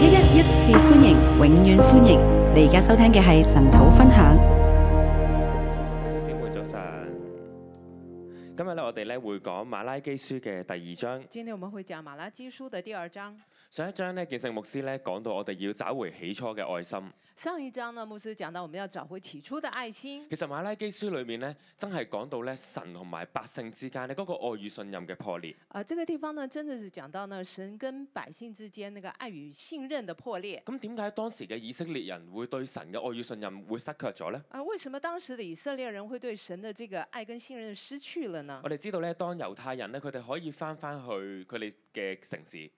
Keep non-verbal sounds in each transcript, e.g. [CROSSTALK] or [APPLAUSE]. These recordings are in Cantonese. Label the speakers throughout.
Speaker 1: 一一一次歡迎，永遠歡迎！你而家收聽嘅係神土分享。
Speaker 2: 我哋咧會講馬拉基書嘅第二章。
Speaker 1: 今天我們會講馬拉基書的第二章。
Speaker 2: 上一章呢，建聖牧師咧講到我哋要找回起初嘅愛心。
Speaker 1: 上一章呢，牧師講到我們要找回起初的愛心。
Speaker 2: 其實馬拉基書裏面呢，真係講到咧神同埋百姓之間呢，嗰個愛與信任嘅破裂。
Speaker 1: 啊，這個地方呢，真的是講到呢，神跟百姓之間那個愛與信任的破裂。咁點解當
Speaker 2: 時嘅以色列人會對神嘅愛與信任會失卻咗呢？
Speaker 1: 啊，為什麼當時嘅以色列人會對神的這個愛跟信任失去了
Speaker 2: 呢？知道呢，當猶太人呢，佢哋可以翻翻去佢哋嘅城市。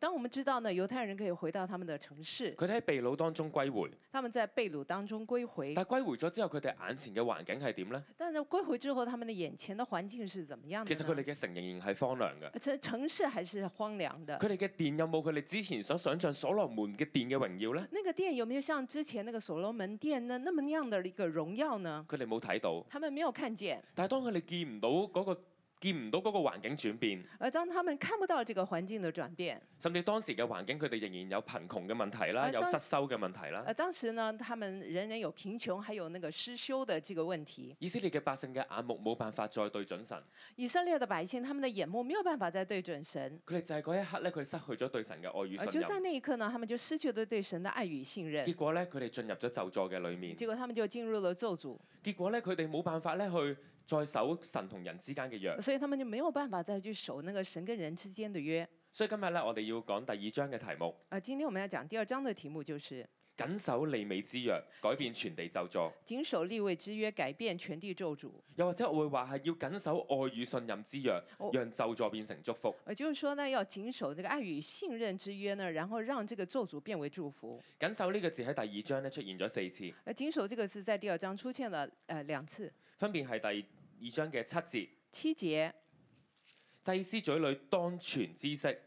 Speaker 1: 當我們知道呢，猶太人可以回到他們的城市，
Speaker 2: 佢哋喺被擄當中歸回，
Speaker 1: 他們在被擄當中歸回。歸回，但
Speaker 2: 係歸回咗之後，佢哋眼前嘅環境係點呢？
Speaker 1: 但係歸回之後，他們的眼前的環境是怎麼樣呢？樣呢，其實佢
Speaker 2: 哋嘅城仍然係荒涼嘅，
Speaker 1: 城城市還是荒涼的。佢哋
Speaker 2: 嘅殿有冇佢哋之前所想象所羅門嘅殿嘅榮耀呢？
Speaker 1: 那個殿有沒有像之前那個所羅門殿呢那麼那樣的一個榮耀呢？
Speaker 2: 佢哋冇睇到，
Speaker 1: 他們沒有看見。
Speaker 2: 但係當佢哋見唔到嗰、那個。見唔到嗰個環境轉變，
Speaker 1: 而當他們看不到這個環境的轉變，
Speaker 2: 甚至當時嘅環境，佢哋仍然有貧窮嘅問題啦，有失修嘅問題啦。啊，
Speaker 1: 當時呢，他們仍然有貧窮，還有那個失修的這個問題。
Speaker 2: 以色列嘅百姓嘅眼目冇辦法再對準神。
Speaker 1: 以色列嘅百姓，他們的眼目沒有辦法再對準神。
Speaker 2: 佢哋就係嗰一刻咧，佢哋失去咗對神嘅愛與信任。就在
Speaker 1: 那一刻呢，他們就失去咗對神嘅愛與信任。結
Speaker 2: 果咧，佢哋進入咗咒詛嘅裏面。結
Speaker 1: 果，他們就進入咗咒詛。
Speaker 2: 結果咧，佢哋冇辦法咧去。再守神同人之間嘅約，
Speaker 1: 所以他們就沒有辦法再去守那個神跟人之間嘅約。
Speaker 2: 所以今日呢，我哋要講第二章嘅題目。
Speaker 1: 啊，今天我們要講第二章嘅題目就是
Speaker 2: 謹守利未之約，改變全地咒詛，
Speaker 1: 謹守利未之約，改變全地咒詛。
Speaker 2: 又或者我會話係要謹守愛與信任之約，讓咒詛變成祝福。
Speaker 1: 啊，就是說呢，要謹守呢個愛與信任之約呢，然後讓這個咒詛變為祝福。
Speaker 2: 謹守呢個字喺第二章呢出現咗四次。
Speaker 1: 謹守這個字在第二章出現了，誒兩次，
Speaker 2: 分別係第。二章嘅七節，
Speaker 1: 七節祭司嘴裏當存知識。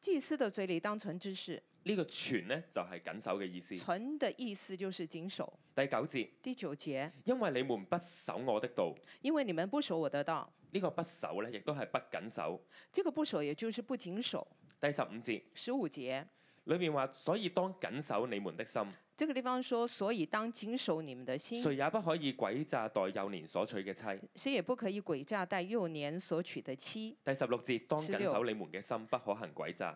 Speaker 1: 祭司的嘴裏當存知識。呢、這個存呢，就係、是、謹守嘅意思。存的意思就是謹守。第九
Speaker 2: 節。第九節。因為你們不守我的道。因為你們不守我的道。呢個不守咧，亦都係不謹守。這個不守也就是不謹守。第十五節。十五節。裏面話，所以當謹守你們的心。
Speaker 1: 這個地方說，所以當謹守你們的心。誰也
Speaker 2: 不可以詭詐待幼年所娶嘅妻。
Speaker 1: 誰也不可以詭詐待幼年所娶嘅妻。
Speaker 2: 第十六節，當謹守你們嘅心，不可行詭詐。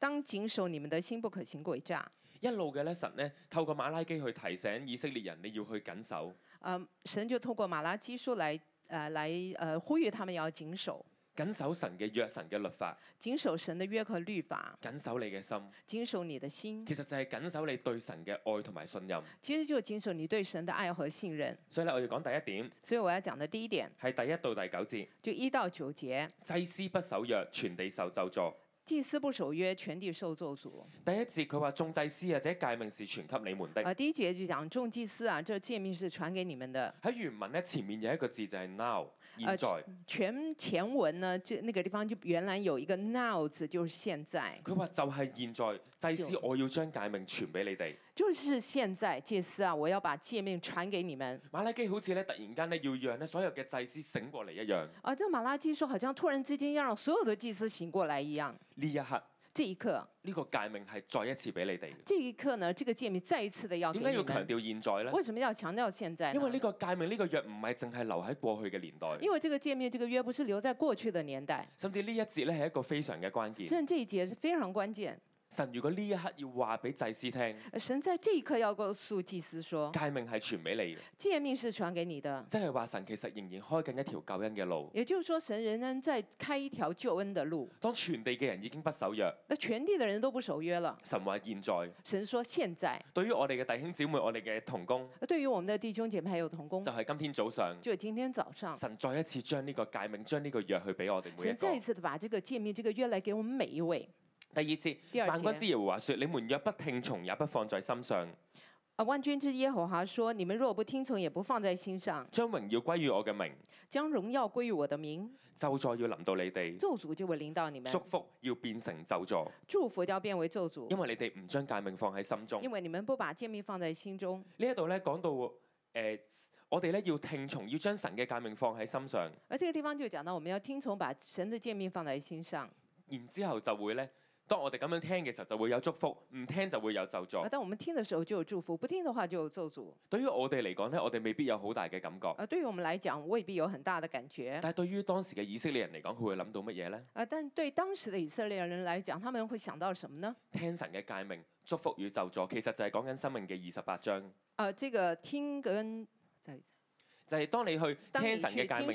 Speaker 1: 當謹守你們的心，不可行詭詐。詭詐
Speaker 2: 一路嘅咧，神呢，透過馬拉基去提醒以色列人，你要去謹守、
Speaker 1: 呃。神就透過馬拉基書來來、呃呃、呼籲他們要謹守。
Speaker 2: 謹守神嘅約，神嘅律法。謹守神嘅約和律法。謹守你嘅心。謹守你嘅心。其實就係謹守你對神嘅愛同埋信任。其實就謹守你對神
Speaker 1: 嘅愛和信任。
Speaker 2: 所以咧，我要講第一點。
Speaker 1: 所以我要講的第一點
Speaker 2: 係第一到第九節。
Speaker 1: 就一到九節。祭
Speaker 2: 司不守約，全地受咒詛。
Speaker 1: 祭司不守約，全地受咒詛。
Speaker 2: 第一節佢話眾祭司啊，這誡命是傳給你們的。
Speaker 1: 啊，第一節就講眾祭司啊，這誡命是傳給你們的。
Speaker 2: 喺原文咧，前面有一個字就係 now。現在、
Speaker 1: 呃、全前文呢，就那個地方就原來有一個 now 字，就是現在。佢話 [LAUGHS]
Speaker 2: 就係現在，祭司我要將誡命傳俾你哋。
Speaker 1: 就是現在，祭司啊，我要把誡命傳給你們。
Speaker 2: 瑪拉基好似咧突然間咧要讓咧所有嘅祭司醒過嚟一樣。
Speaker 1: 啊，就瑪拉基說，好像突然之間要讓所有的祭司醒過嚟一樣。呢一刻。這一刻，
Speaker 2: 呢個誡命係再一次俾你哋。
Speaker 1: 這一刻呢，這個誡命再一次地要點解要強
Speaker 2: 調現在呢？為什
Speaker 1: 麼要強調現在？因為呢
Speaker 2: 個誡命，呢個約唔係淨係留喺過去嘅年代。
Speaker 1: 因為這個誡命，這個，誡命這個約不是留在過去嘅年代。
Speaker 2: 甚至呢一節咧係一個非常嘅關鍵。所
Speaker 1: 以呢一節是非常關鍵。
Speaker 2: 神如果呢一刻要話俾祭司聽，神在這一刻要告訴祭司說，誡命係傳俾你嘅，
Speaker 1: 誡命是傳給你的，
Speaker 2: 即係話神其實仍然開緊一條救恩嘅路。
Speaker 1: 也就是說，神仍然在開一條救恩的路。
Speaker 2: 當全地嘅人已經不守約，
Speaker 1: 那全地嘅人都不守約了。
Speaker 2: 神話現在，
Speaker 1: 神說現在，現
Speaker 2: 在對於我哋嘅弟兄姐妹，我哋嘅同工，對於
Speaker 1: 我們的弟兄姐妹，弟兄姐妹還有同工，
Speaker 2: 就係今天早上，就
Speaker 1: 係今天早上，神
Speaker 2: 再一次將呢個誡命，將呢個約去俾我哋每，神再
Speaker 1: 一次把這個誡命、命、這個約來給我們每一位。
Speaker 2: 第二節，二次萬軍之耶和華說：你們若不聽從，也不放在心上。
Speaker 1: 啊，萬軍之耶和華說：你們若不聽從，也不放在心上。
Speaker 2: 將榮耀歸於我嘅名，
Speaker 1: 將榮耀歸於我的名。
Speaker 2: 咒詛要臨到你哋，
Speaker 1: 咒詛就會臨到你們。祝
Speaker 2: 福要變成咒詛，
Speaker 1: 祝福要變為咒詛。因
Speaker 2: 為你哋唔將誡命放喺心中，因
Speaker 1: 為你們不把誡命放在心中。心
Speaker 2: 中呢一度咧講到誒、呃，我哋咧要聽從，要將神嘅誡命放喺心上。
Speaker 1: 而這個地方就講到，我們要聽從，把神嘅誡命放在心上。
Speaker 2: 然之後就會咧。當我哋咁樣聽嘅時候，就會有祝福；唔聽就會有咒詛。但
Speaker 1: 我們聽嘅時候就有祝福，不聽的話就有咒詛。
Speaker 2: 對於我哋嚟講呢，我哋未必有好大嘅感覺。
Speaker 1: 啊，對於我們嚟講，未必有很大的感覺。但
Speaker 2: 係對於當時嘅以色列人嚟講，佢會諗到乜嘢呢？
Speaker 1: 啊，但對當時嘅以色列人嚟講，他們會想到什麼呢？麼呢，
Speaker 2: 聽神嘅戒命，祝福與咒詛，其實就係講緊《申命記》嘅二十八章。
Speaker 1: 啊，這個聽跟
Speaker 2: 就係當你去聽神嘅誡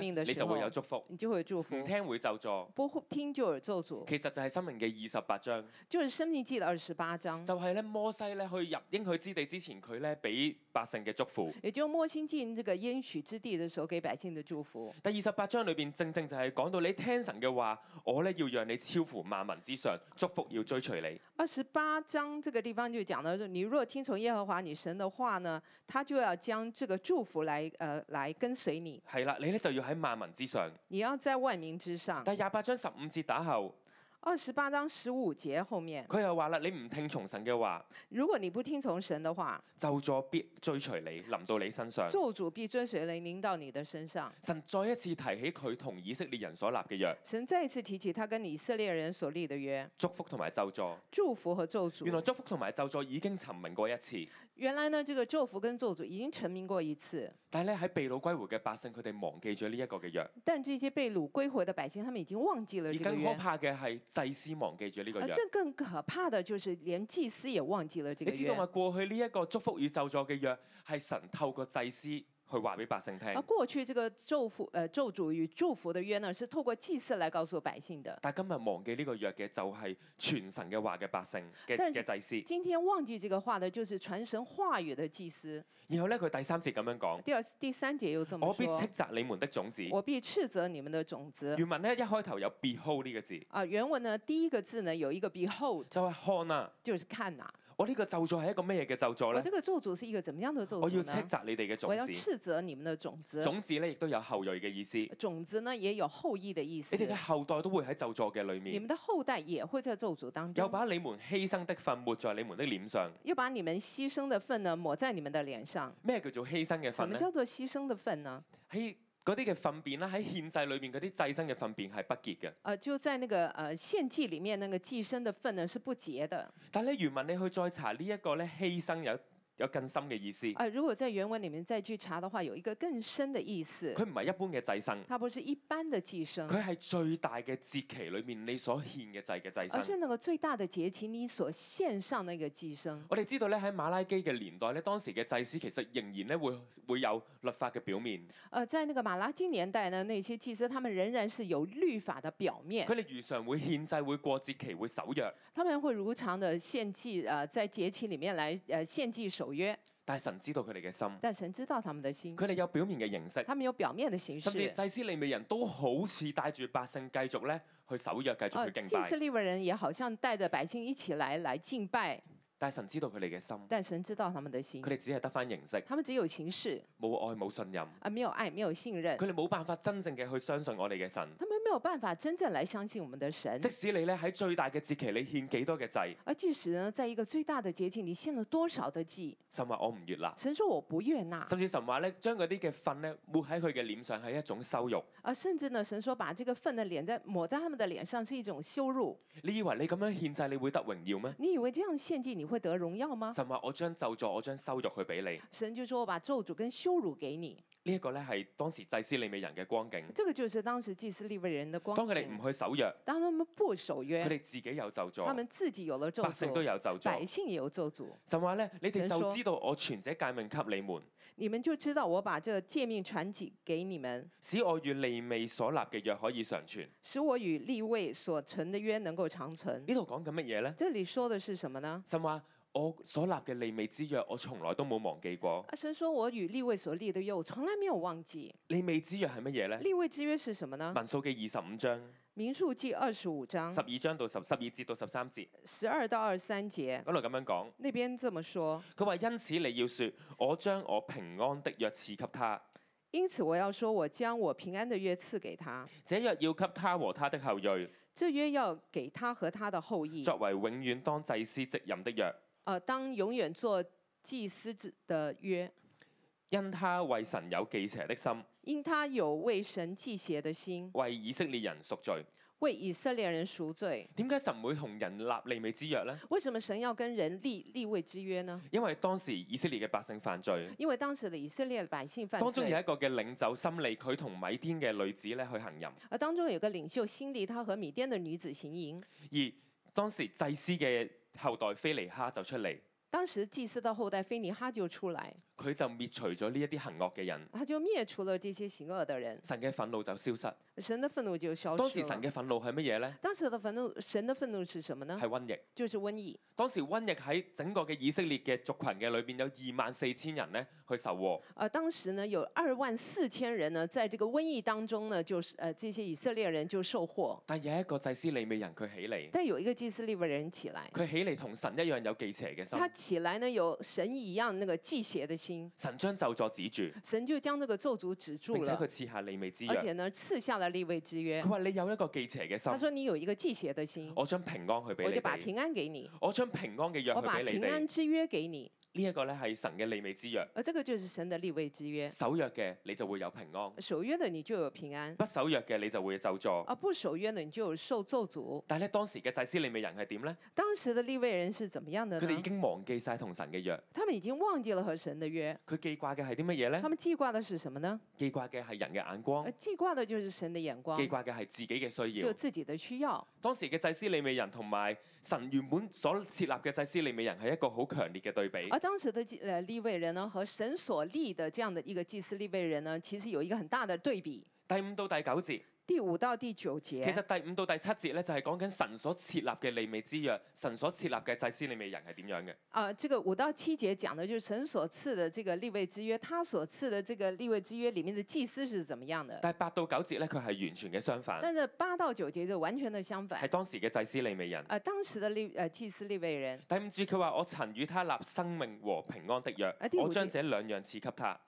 Speaker 2: 命嘅時，時候你就會有祝福，你就會祝福，聽會就助。不
Speaker 1: 聽就會受阻。
Speaker 2: 其實就係《申命》嘅二十八章。就是《
Speaker 1: 申命記》嘅二十八章。就係咧摩西咧
Speaker 2: 去入應許之地之前，佢咧俾百姓嘅祝福。
Speaker 1: 也就摩西進這個應許之地嘅時候，給百姓嘅祝福。
Speaker 2: 第二十八章裏邊正正就係講到你聽神嘅話，我咧要讓你超乎萬民之上，祝福要追隨你。
Speaker 1: 二十八章呢個地方就講到，你如果聽從耶和華你神的話呢，他就要將這個祝福來。誒，來跟隨你
Speaker 2: 係啦，你咧就要喺萬民之上。
Speaker 1: 你要在萬民之上。第廿
Speaker 2: 八章十五節打後，
Speaker 1: 二十八章十五節後面，
Speaker 2: 佢又話啦：，你唔聽從神嘅話，如果你不聽從神嘅話，咒詛必追隨你，臨到你身上；，咒
Speaker 1: 詛必追隨你，臨到你的身上。
Speaker 2: 神再一次提起佢同以色列人所立嘅約。
Speaker 1: 神再一次提起他跟以色列人所立嘅約，
Speaker 2: 祝福同埋咒詛。祝福和咒詛。原來祝福同埋咒詛已經沉聞過一次。
Speaker 1: 原來呢，這個祝福跟咒詛已經成名過一次。
Speaker 2: 但係呢，喺被擄歸回嘅百姓，佢哋忘記咗呢一個嘅約。
Speaker 1: 但這些被擄歸回嘅百姓，他們已經忘記了呢個約。而更可怕
Speaker 2: 嘅係祭司忘記咗呢個約。哦、啊，
Speaker 1: 更可怕嘅，就是連祭司也忘記了呢個約。你知道嘛？
Speaker 2: 過去呢一個祝福與咒詛嘅約，係神透過祭司。去話俾百姓聽。啊，
Speaker 1: 過去這個咒詛、誒、呃、咒詛與祝福的約呢，是透過祭祀來告訴百姓的。
Speaker 2: 但今日忘記呢個約嘅，就係傳神嘅話嘅百姓嘅是祭司。今
Speaker 1: 天忘記這個話呢，就是傳神話語的祭司。
Speaker 2: 然後咧，佢第三節咁樣講。第
Speaker 1: 二、第三節又這麼講。我必斥
Speaker 2: 責你們的種子。我
Speaker 1: 必斥責你們的種子。原
Speaker 2: 文咧一開頭有 behold 呢個字。
Speaker 1: 啊，原文呢第一個字呢有一個 behold，就係看嗱。就是看嗱。
Speaker 2: 我呢、哦這個咒詛係一個咩嘢嘅咒詛咧？我呢
Speaker 1: 個咒詛是一個怎麼樣嘅咒詛？我要斥
Speaker 2: 責你哋嘅種子。我要斥
Speaker 1: 責你們嘅種子。種
Speaker 2: 子咧，亦都有後裔嘅意思。
Speaker 1: 種子呢，也有後裔嘅意思。你哋嘅後
Speaker 2: 代都會喺咒詛嘅裏面。你哋
Speaker 1: 嘅後代也會在咒詛當中。又把
Speaker 2: 你們犧牲的糞抹在你們的臉上。
Speaker 1: 要把你們犧牲的糞呢，抹在你們的臉上。
Speaker 2: 咩叫做犧牲嘅糞？什麼叫
Speaker 1: 做犧牲的糞呢？
Speaker 2: 嗰啲嘅糞便咧喺獻祭裏邊，嗰啲祭牲嘅糞便係不潔嘅。
Speaker 1: 誒，就在那個誒獻祭裡面，那個祭牲嘅糞呢是不潔嘅。
Speaker 2: 但係咧，原文你去再查呢一個咧，犧牲有。有更深嘅意思。啊，
Speaker 1: 如果在原文裡面再去查的話，有一個更深嘅意思。佢
Speaker 2: 唔係一般嘅祭牲。佢
Speaker 1: 不是一般的祭牲。佢
Speaker 2: 係最大嘅節期裏面你所獻嘅祭嘅祭牲。而是
Speaker 1: 那個最大嘅節期，你所獻上嘅一個祭牲。
Speaker 2: 我哋知道咧喺馬拉基嘅年代咧，當時嘅祭司其實仍然咧會會有律法嘅表面。
Speaker 1: 誒、呃，在那個馬拉基年代呢，那些祭司他們仍然是有律法嘅表面。佢
Speaker 2: 哋如常會獻祭，會過節期，會守約。
Speaker 1: 他們會如常的獻祭，誒、呃，在節期裡面來誒獻祭守但
Speaker 2: 神知道佢哋嘅心，
Speaker 1: 但神知道他們的心，佢哋
Speaker 2: 有表面嘅形
Speaker 1: 式，他們有表面的形式，甚至祭
Speaker 2: 司利未人都好似帶住百姓繼續咧去守約，繼續去敬拜。哦，祭司利
Speaker 1: 未人也好像帶着百姓一起來來敬拜。
Speaker 2: 但神知道佢哋嘅心，
Speaker 1: 但神知道他們嘅心，佢哋
Speaker 2: 只係得翻形式，他們只有形式，冇愛冇信任，
Speaker 1: 啊沒有愛沒有信任，佢
Speaker 2: 哋冇辦法真正嘅去相信我哋嘅神，他
Speaker 1: 們沒有辦法真正嚟相信我們的神，即
Speaker 2: 使你咧喺最大嘅節期，你獻幾多嘅祭，
Speaker 1: 而即使呢，在一個最大嘅節期，你獻了多少嘅祭，
Speaker 2: 神話我唔悅納，
Speaker 1: 神說我不悅納，甚
Speaker 2: 至神話咧，將嗰啲嘅糞咧抹喺佢嘅臉上係一種羞辱，
Speaker 1: 啊甚至呢，神說把這個糞嘅臉再抹在他們嘅臉上是一種羞辱，
Speaker 2: 你以為你咁樣獻祭你會得榮耀咩？
Speaker 1: 你以為這樣獻祭你？會得榮耀嗎？
Speaker 2: 神話我將咒詛，我將羞辱去俾你。
Speaker 1: 神就說我把咒詛跟羞辱給你。
Speaker 2: 呢一個咧係當時祭司利未人嘅光景。呢
Speaker 1: 個就是當時祭司利未人嘅光景。當佢哋唔
Speaker 2: 去守約。
Speaker 1: 當他們不守約。佢哋
Speaker 2: 自己有咒詛。他們
Speaker 1: 自己有了咒詛。百姓都有咒詛。百姓也有咒詛。神話咧，你哋就知
Speaker 2: 道我傳這誡命給你們。
Speaker 1: 你們就知道我把這誡命傳給給你們。你們我你
Speaker 2: 們使我與利未所立嘅約可以常存。
Speaker 1: 使我與利未所存嘅約能夠長存。呢度講緊乜嘢咧？這你說嘅是什麼呢？神話。
Speaker 2: 我所立嘅利未之約，我從來都冇忘記過。阿
Speaker 1: 神說，我與利未所立的約，我從來沒有忘記。
Speaker 2: 利未之約係乜嘢咧？利
Speaker 1: 未之約是什麼呢？民
Speaker 2: 數記二十五章。
Speaker 1: 民數記二十五章。十
Speaker 2: 二章到十十二節到十三節。
Speaker 1: 十二到二十三節。咁
Speaker 2: 嚟，咁樣講。呢
Speaker 1: 邊，這麼說。
Speaker 2: 佢話，因此你要說，我將我平安的約賜給他。
Speaker 1: 因此我要說，我將我平安的約賜給他。
Speaker 2: 這約要給他和他的後裔。
Speaker 1: 這約要給他和他的後裔。作
Speaker 2: 為永遠當祭司職任的約。
Speaker 1: 呃，當永遠做祭司之的約，
Speaker 2: 因他為神有忌邪的心，
Speaker 1: 因他有為神忌邪的心，
Speaker 2: 為以色列人贖罪，
Speaker 1: 為以色列人贖罪。
Speaker 2: 點解神會同人立利未之約呢？
Speaker 1: 為什麼神要跟人立利未之約呢？
Speaker 2: 因為當時以色列嘅百姓犯罪，
Speaker 1: 因為當時的以色列百姓犯罪，當中有一
Speaker 2: 個嘅領袖心理，佢同米甸嘅女子咧去行淫。
Speaker 1: 呃，當中有個領袖心理，他和米甸的女子行淫。
Speaker 2: 而當時祭司嘅。後代菲尼哈就出嚟。
Speaker 1: 當時祭司的後代菲尼哈就出來。
Speaker 2: 佢就滅除咗呢一啲行惡嘅人，
Speaker 1: 他就滅除了這些行惡的人。
Speaker 2: 神嘅憤怒就消失，
Speaker 1: 神嘅憤怒就消失。當時神
Speaker 2: 嘅憤怒係乜嘢咧？
Speaker 1: 當時嘅憤怒，神嘅憤怒是什麼呢？係瘟疫，就是瘟疫。
Speaker 2: 當時瘟疫喺整個嘅以色列嘅族群嘅裏邊有二萬四千人咧，去受禍。
Speaker 1: 啊，當時呢有二萬四千人呢，在這個瘟疫當中呢，就是誒這些以色列人就受禍。
Speaker 2: 但有一個祭司利未人佢起嚟，
Speaker 1: 但有一個祭司利未人起嚟。佢
Speaker 2: 起嚟同神一樣有忌邪嘅心。他
Speaker 1: 起嚟呢有神一樣那個忌邪的。神將
Speaker 2: 咒詛止住，
Speaker 1: 神就將呢個咒詛止住，並且
Speaker 2: 佢賜下利未之約，而且
Speaker 1: 呢賜下了利未之約。佢
Speaker 2: 話，你有一個忌邪嘅心，他說
Speaker 1: 你有一個忌邪的心。的心，
Speaker 2: 我將平安去俾你，我就把平安給你。我將平安嘅約
Speaker 1: 去俾你
Speaker 2: 呢一個咧係神嘅利未之約。
Speaker 1: 而呢個就是神嘅利未之約。
Speaker 2: 守約嘅你就會有平安。
Speaker 1: 守約嘅你就有平安。不
Speaker 2: 守約嘅你就會受咒。
Speaker 1: 啊，不守約的你就，的你就受咒詛。
Speaker 2: 但係咧當時嘅祭司利未人係點咧？
Speaker 1: 當時嘅利未人是怎麼樣，樣的呢？佢哋已
Speaker 2: 經忘記晒同神嘅約。
Speaker 1: 他們已經忘記了和神的約。佢記，記掛嘅係啲乜嘢咧？他們
Speaker 2: 記掛嘅係人嘅眼光。
Speaker 1: 記掛的就是，是神的眼光。記
Speaker 2: 掛嘅係自己嘅需要。就自
Speaker 1: 己的需要。
Speaker 2: 當時嘅祭司利未人同埋神原本所設立嘅祭司利未人係一個好強烈嘅對比。
Speaker 1: 當時的呃立位人呢，和神所立的這樣的一個祭司立位人呢，其實有一個很大的對比。第五
Speaker 2: 到第九節。
Speaker 1: 第五到第九節。其實
Speaker 2: 第五到第七節咧，就係講緊神所設立嘅利未之約，神所設立嘅祭司利未人係點樣嘅。
Speaker 1: 啊，這個五到七節講嘅就係神所賜的這個利未之約，他所賜的這個利未之約裏面嘅祭司是怎麼樣嘅？
Speaker 2: 但係八到九節咧，佢係完全嘅相反。但係
Speaker 1: 八到九節就完全的相反。係
Speaker 2: 當時嘅祭司利未人。
Speaker 1: 啊，當時嘅利誒、啊、祭司利未人。
Speaker 2: 第五節佢話：我曾與他立生命和平安的約，我將這兩樣賜給他。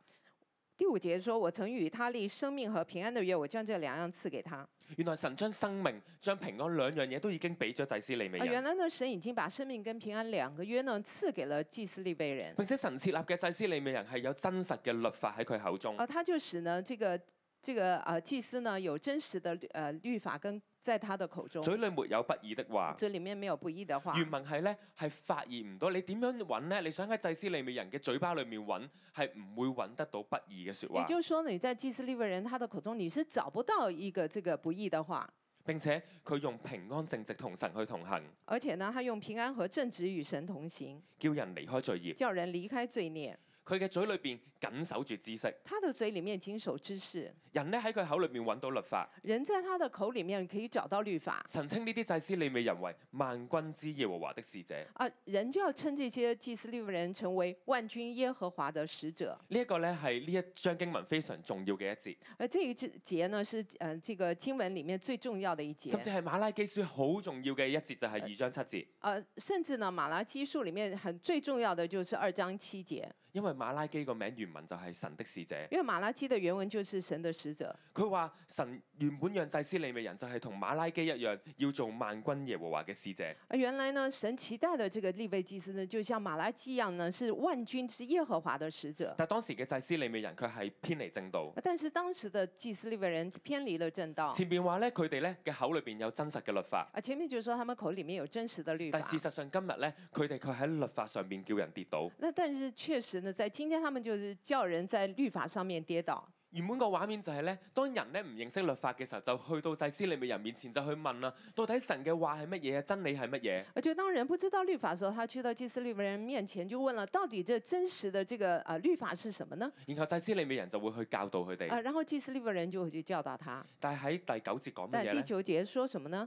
Speaker 1: 第五節說，我曾與他立生命和平安的約，我將這兩樣賜給他。
Speaker 2: 原來神將生命、將平安兩樣嘢都已經俾咗祭司利未人。原
Speaker 1: 來呢神已經把生命跟平安兩個約呢賜給了祭司利未人，
Speaker 2: 並且神設立嘅祭司利未人係有真實嘅律法喺佢口中。啊，他
Speaker 1: 就使呢這個這個啊、呃、祭司呢有真實的呃律法跟。在他的口中，嘴裏
Speaker 2: 沒有不義的話，嘴
Speaker 1: 裡面沒有不義的話。原
Speaker 2: 文係咧係發現唔到你點樣揾咧？你想喺祭司利未人嘅嘴巴裏面揾，係唔會揾得到不義嘅説話。也就係
Speaker 1: 講你在祭司利未人他的口中，你是找不到一個這個不義的話。
Speaker 2: 並且佢用平安正直同神去同行。
Speaker 1: 而且呢，他用平安和正直與神同行。
Speaker 2: 叫人離開罪孽。
Speaker 1: 叫人離開罪孽。
Speaker 2: 佢嘅嘴裏邊。緊守住知識。
Speaker 1: 他的嘴裏面緊守知識。
Speaker 2: 人呢喺佢口裏面揾到律法。
Speaker 1: 人在他的口裏面可以找到律法。神
Speaker 2: 稱呢啲祭司，你未認為萬軍之耶和華的使者？
Speaker 1: 啊，人就要稱這些祭司利未人成為萬軍耶和華的使者。呢一
Speaker 2: 個呢係呢一章經文非常重要嘅一節。
Speaker 1: 而呢一節節呢，是誒這個經文裡面最重要嘅一節。甚至係
Speaker 2: 馬拉基書好重要嘅一節，就係二章七節。
Speaker 1: 啊，甚至呢馬拉基書裡面很最重要的就是二章七節。
Speaker 2: 因為馬拉基個名原文就係神的使者，
Speaker 1: 因為馬拉基的原文就是神的使者。
Speaker 2: 佢話神原本讓祭司利未人就係同馬拉基一樣，要做萬軍耶和華嘅使者。
Speaker 1: 原來呢神期待的這個利未祭司呢，就像馬拉基一樣呢，是萬軍之耶和華的使者。但當
Speaker 2: 時嘅祭司利未人佢係偏離正道。
Speaker 1: 但是當時的祭司利未人偏離了正道。前
Speaker 2: 面話咧佢哋咧嘅口裏邊有真實嘅律法。
Speaker 1: 啊，前面就是說他們口裏面有真實嘅律法。但事
Speaker 2: 實上今日咧，佢哋佢喺律法上邊叫人跌倒。
Speaker 1: 那但是確實呢，在今天他們就是。叫人在律法上面跌倒。原本個畫面就係咧，
Speaker 2: 當人咧唔認識律法嘅時候，就去到祭司利未人面前就去問啦，到底神嘅話係乜嘢啊？真理係乜嘢？
Speaker 1: 就當人不知道律法嘅時候，他去到祭司利未人面前就問啦，到底這真實的這個啊律法是什麼呢？
Speaker 2: 然後祭司利未人就會去教導佢哋。啊，
Speaker 1: 然後祭司利未人就會去教導他。
Speaker 2: 但係喺第九節講咩嘢？第九
Speaker 1: 節講什麼呢？